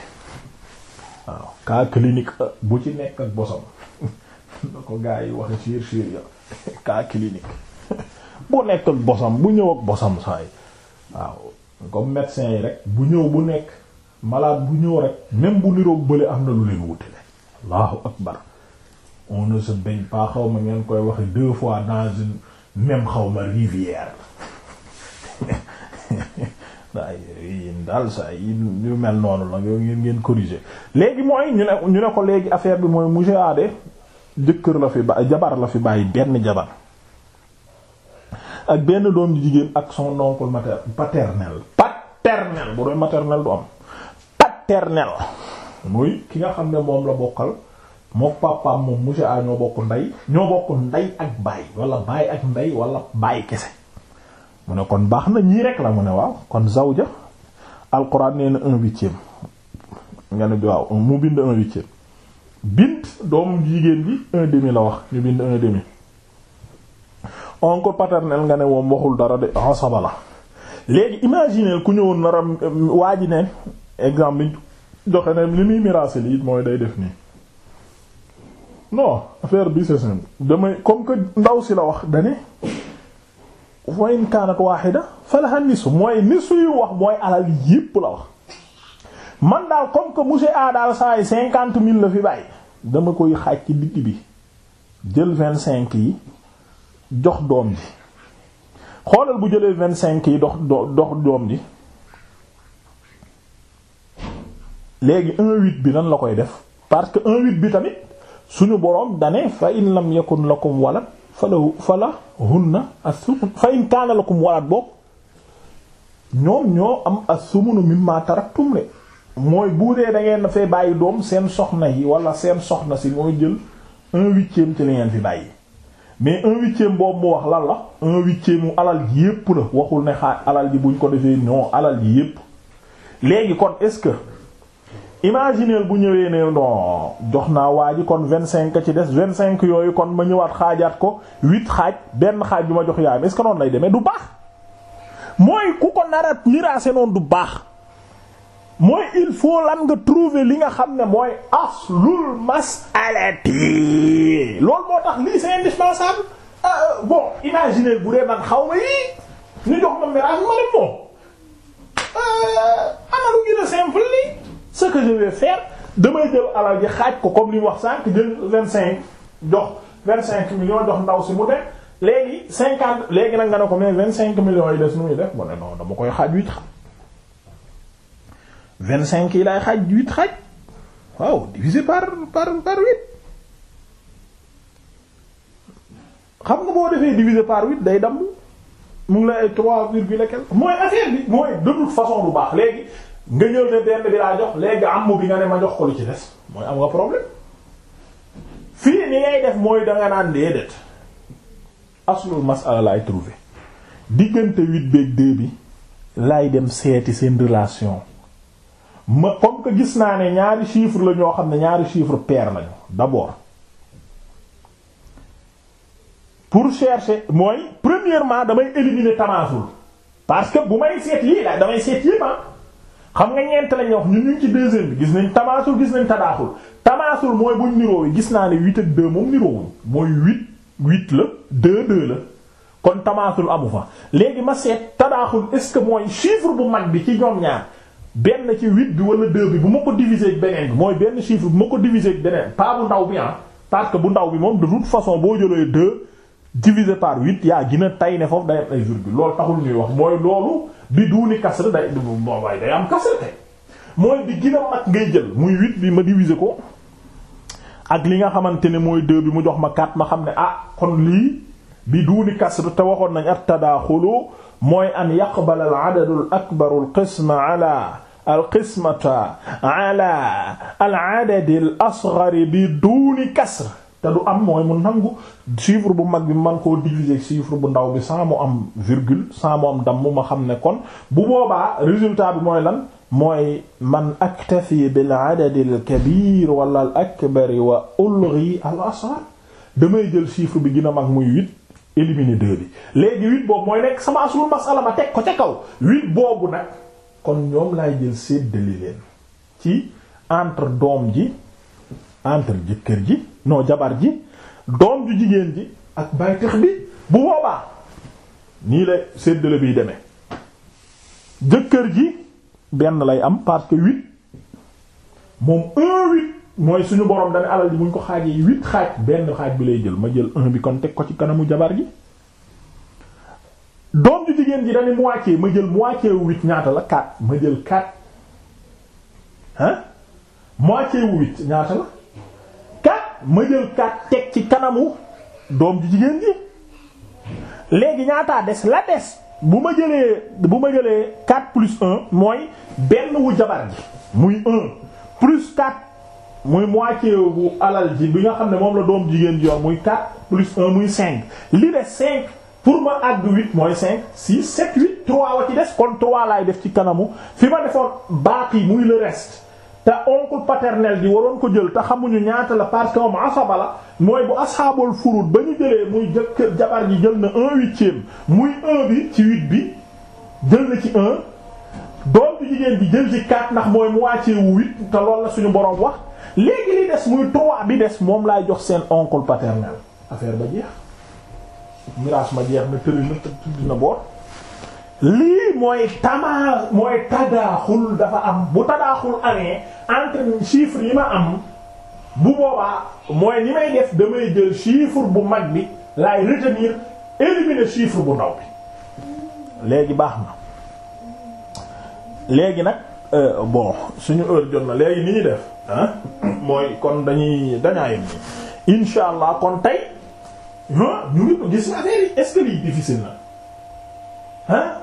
waaw cas clinique euh, bu ci nekk ak bosam (laughs) na ko gaay yi waxe siir siir ya cas clinique (laughs) bu nekk ak bosam bu ñëw ak bosam saay waaw comme médecin yi rek bu ñëw bu nekk malade bu ñëw rek même bu niroog bële am na lu leen wute allahu akbar on ne se baigne pas xaw ma ngeen koy waxe deux fois dans une même xaw ma rivière (laughs) waaye yéen daal saa yi yu mel noonu la yow ngeen ngeen corriger léegi mooy ñu ne ñu ne ko léegi affaire bi mooy monsieur Adé jëkkër la fi ba jabar la fi bàyyi benn jabar ak benn doom jigéen ak son oncle mater paternel paternel bu doon maternel du am paternel. muy ki nga xam ne moom la bokkal mook papaam moom monsieur a ñoo bokk ndey ñoo bokk ndey ak baay wala baay ak ndey wala baay kese mu ne kon baax na ñii rek la mu ne waaw kon zawja alxuraan nee na un huitième nga ne waaw mu bind un huitième bint doomu jigéen bi un demi la wax ñu bind un demi oncle paternel nga ne moom waxul dara de asaba la léegi imaginer ku ñëwoon naram waa ji ne exemple joxe ne li muy miraas li mooy day def nii non affaire bi c'est simple damay comme que ndaw si la wax dane wa in kaanat mooy nisu yu wax mooy alal yépp la wax man daal comme que monsieur A daal saa yi cinquante mille la fi bàyyi dama koy xaaj ci digg bi jël vingt cinq yi jox doom ji xoolal bu jëlee vingt cinq yi dox dox doom ji léegi un huit bi nan la koy def parce que un huit bi tamit suñu boroom dane fa in lam yakun lakum walad falahu falahunna as-sumun fa in kaana lakum walad bokk ñoom ñoo am as-sumunu mimma taraktum le mooy bu dee da ngeen dafay bàyyi doom seen soxna yi wala seen soxna si mooy jël un huitième ci la ngeen fi bàyyi mais un huitième boobu mu wax lan la un huitième mu alal ji yépp la waxul ne xaar alal ji buñ ko defee non alal ji yépp léegi kon est-ce que imagineel bu ñëwee ne non jox naa waa ji kon vingt cinq ci des vingt cinq yooyu kon ma ñëwaat xaajaat ko huit xaaj benn xaaj bi ma jox yaayam est ce que lay demee du baax mooy ku ko narat miraase noonu du baax mooy il faut lan nga trouver li nga xam ne mooy aslul mas'alati loolu moo ah, euh, bu dee man xaw ma yii ñu jox ma miraas ma ne moom euh, amalu gën a simple lii ce que je vais faire damay jël alal ji xaaj ko comme li wax sànq jël vingt cinq jox vingt cinq millions jox ndaw si mu dem léegi cinquante léegi nag nga ne ko mais vingt cinq millions yi des nu muy def mu ne non dama koy xaaj huit xaaj vingt cinq yi lay xaaj huit xaaj waaw divisé par par par huit xam nga boo defee divisé par huit day damm mu ngi lay ay trois virgule quelque mooy affaire bi mooy de toute façon bu baax léegi nga ñëw ne benn bi laa jox léegi am bi nga ne ma jox ko ci des mooy am nga problème fii ni ngay def mooy danga naan déedéet aslul masala laay trouver diggante huit beeg deux bi laay dem seeti seen relation ma comme que gis naa ne ñaari chiffre la ñoo xam ne ñaari chiffre pair lañu d'abord pour chercher mooy premièrement damay éliminer tamasul parce que bu may seet lii la damay seet yépp ah. xam nga ñeent lañ wax ñun ñu ci deuxième bi gis nañ tamaasul gis nañ tadaaxul tamaasul mooy buñ niroo yi gis naa ni huit ak deux moom niroowuñ mooy huit huit la deux deux la kon tamaasul amu fa léegi ma seet tadaaxul est-ce que mooy chiffre bu mag bi ci ñoom ñaar benn ci huit bi wala deux bi bu ma ko diviser ak beneen bi mooy benn chiffre bu ma ko diviser ak beneen pas bu ndaw bi ah parce que bu ndaw bi moom de toute façon boo jëlee deux divisé par huit yaa gën a ne foofu day am ay virgule loolu taxul ñuy wax mooy loolu bi duuni kasra day mooy day am kasra tey mooy bi gën a ngay jël muy huit bi ma diviser ko ak li nga xamante ne mooy deux bi mu jox ma quatre ma xam ne ah kon lii bi duuni kasra te waxoon nañ at tadaaxulu mooy an yaqbala al adadu al akbaru al qisma ala al qismata al al asghari bi duuni kasra te du am mooy mu nangu chiffre bu mag bi man koo diviser chiffre bu ndaw bi sans mu am virgule sans mu dam mu ma xam ne kon bu boobaa résultat bi mooy lan mooy man aktafi bil adad al kabir wala al akbar wa ulghi al asghar damay jël chiffre bi gën a mag muy huit éliminer deux bi léegi huit boobu mooy nekk sama aslul masala ma teg ko ca kaw huit boobu nag kon ñoom laay jël séddali leen ci entre doom ji entre jëkkër ji noo jabar ji doom ju jigéen ji ak baytex bi bu boobaa nii la séddale biy demee jëkkër ji benn lay am parce que huit moom un huit mooy suñu borom dana alal ji buñ ko xaajee huit xaaj benn xaaj bi lay jël ma jël un bi kon teg ko ci kanamu jabar ji doom ju jigéen ji dañu moitié ma jël moitié wu ñaata la quatre ma jël quatre hein moitié wu ñaata la ma jël quatre teg ci kanamu doom ji jigéen ji léegi ñaataa des la des bu ma jëlee bu ma jëlee quatre plus un mooy benn wu jabar ji muy un plus quatre muy moitié wu alal ji bi nga xam ne moom la doom jigéen ji yor muy quatre plus un muy cinq li des cinq pour ma àgg huit mooy cinq si sept huit trois wa ci des kon trois laay def ci kanamu fi ma defoon yi muy le reste te oncle paternel bi waroon ko jël te xamuñu ñaata la parce que moom asaba la mooy bu asxaabul furud ba ñu jëlee muy jëkk jabar ji jël na un huitième muy un bi ci huit bi jël na ci un doom bi jigéen bi jël ci quatre ndax mooy moitié wu huit te loolu la suñu borom wax léegi li des muy trois bi des moom laay jox seen oncle paternel affaire ba jeex miraas ma jeex na tëri na tëdd na boor lii mooy tamaa mooy tadaaxul dafa am bu tadaaxul amee entre chiffre yi ma am bu boobaa mooy ni may def damay jël chiffre bu mag bi laay retenir éliminer chiffre bu ndaw bi léegi baax na léegi nag euh, bon suñu heure jot na léegi ni ñuy def ah (coughs) mooy kon dañuy dañaa yem nii allah kon tey ñu ngi gis affaire yi est-ce que na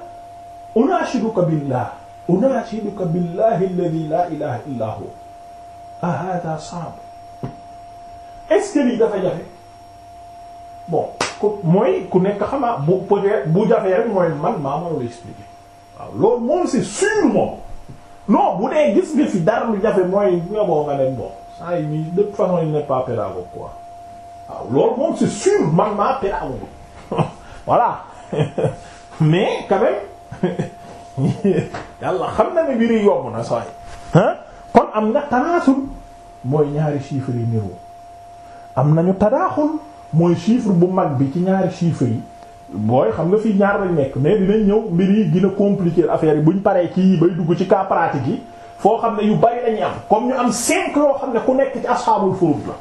unaashiduka billah unaashiduka billahi alladhi la ilaha illa hu a hada saab est-ce que lii dafa jafe bon ku mooy ku nekk xamaa bu peut-être bu jafee rek mooy man maa mënul expliquer waaw loolu non bu dee gis nga jafe mooy nga boo nga dem bon saa yi nii de toute façon il n'est pas pédagogue quoi waaw loolu moom c'est sûr man maa pédagogue (laughs) voilà (laughs) mais quand même (laughs) yàlla xam na ne mbiri yomb na sooy ah kon am na tanaasul mooy ñaari chiffres yi niroo am nañu tadaaxul mooy chiffre bu mag bi ci ñaari chiffres yi booy xam nga fii ñaar lañ nekk mais dinañ ñëw mbir yi gën compliquer affaire yi buñ paree ci bay dugg ci cas pratique yi foo xam ne yu bari lañuy am comme ñu am cinq yoo xam ne ku nekk ci ashabul furud la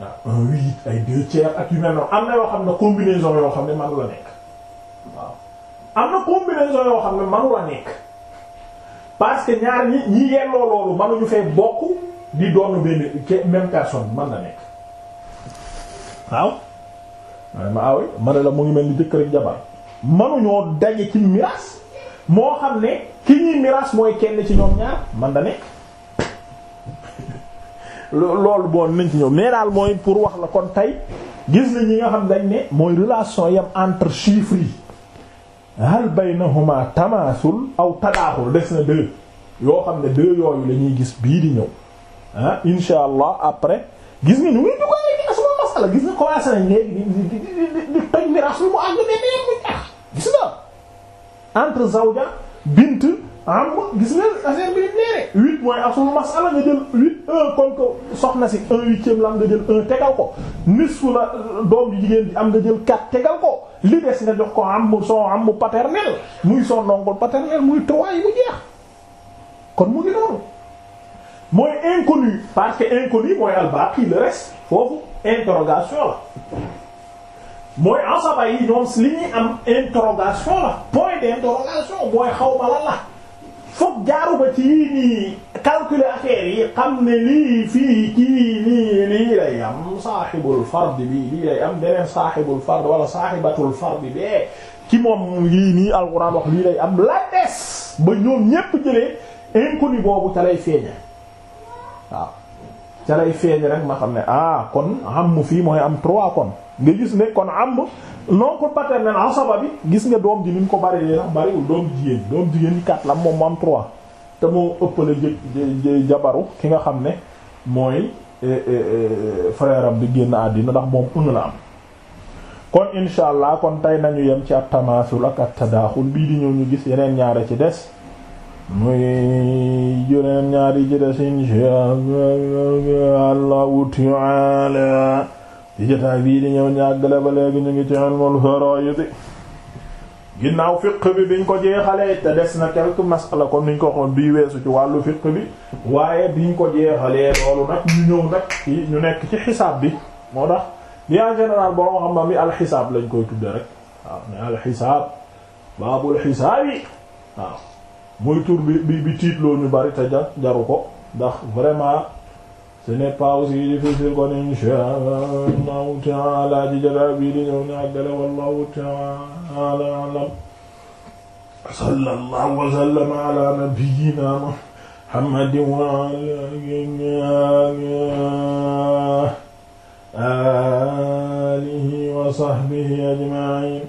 waaw ah, un huit ay deux tiers ak yu mel noonu am na yoo xam ne combinaison yoo xam ne man la nekk am na combinaison yoo xam ne manu la nekk parce que ñaar ñi ñi yelloo loolu manuñu fee bokk di doon benn même personne man na nekk waaw ma ah ma ne la mu ngi mel ni jëkkër ak jabar manuñoo daje ci miraas moo xam ne ki ñuy miraas mooy kenn ci ñoom ñaar man da nekk (laughs) loolu bon nañ ci ñëw mais daal mooy pour wax la kon tey gis na ñi nga xam dañ ne mooy relation yam entre chiffres hal baynahuma tamaasul aw tadaaxul des na deux yoo xam ne deux yooyu la ñuy gis bii di ñëw ah insha allah après gis nga ñu ngi dugal léegi asuma masala gis nga commencé nañ léegi di di di di toj miraas bi mu àgg ne nee mu ñax gis nga entre zawja bint am ah, gis nga affaire bi leere huit mooy asul masala nga jël huit un comme que soxna si un huitième la am nga jël un tegal ko nisfu la euh, doom ji jigéen bi am nga jël quatre tegal ko li des nga jox ko am son am paternel muy son ndongol paternel muy trois yi mu jeex kon mu ngi noonu mooy inconnu parce que inconnu mooy albaqi le reste foofu interrogation la mooy asaba yi ñoom li ñuy am interrogation la point d'interrogation mooy xaw ma la la foog jaaru ba ci yii nii calculer affaire ne lii fii kii nii lii lay am saaxibul fard bi lii lay am beneen saaxibul fard wala saaxibatul fard bee eh, ci moom yii nii alxuraan lii lay am la des ba ñoom ñépp jëlee inconnu boobu ca lay ca lay feeñ rek ma xam ne ah kon am fii mooy am trois kon nga gis ne kon am l'oncle paternel asaba bi gis nga doom ji ni ko bari lee sax bariwul doom jigéen doom jigéen ñi la moom mu am trois te moo ëppale jë jabaru ki nga xam ne mooy eh, eh, eh, frère di génn àddina ndax moom un la am kon insha allah kon tey nañu yem ci at tamaasul ak at tadaaxul bii di ñëw ñu gis yeneen ñaare ci des muy juróom ñaari ji des insha Allahu ta'ala ci jotaay bii di ñëw ñàggale ba léegi ñu ngi ci ilmul faraa'id ginnaaw fiq bi biñ ko jeexalee te des na quelque masala ko niñ ko waxoon bii weesu ci wàllu fiq bi waaye biñ ko jeexalee loolu nag ñu ñëw nag ci nekk ci xisaab bi moo tax li en boo xam ma mi alxisaab lañ koy tudde rek waaw mais alxisaab baabul xisaab yi waaw muy tur bi bi bi tiitloo ñu bari te ja jaru ko ndax vraiment ce n'est pas aussi difficile kon insha allahu taala ci jara bii di ñëw ñu àggale wallahu taala alam sallallahu wa sallama ala nabiyyina muhammadin wa ala alihi wa sahbihi ajma'in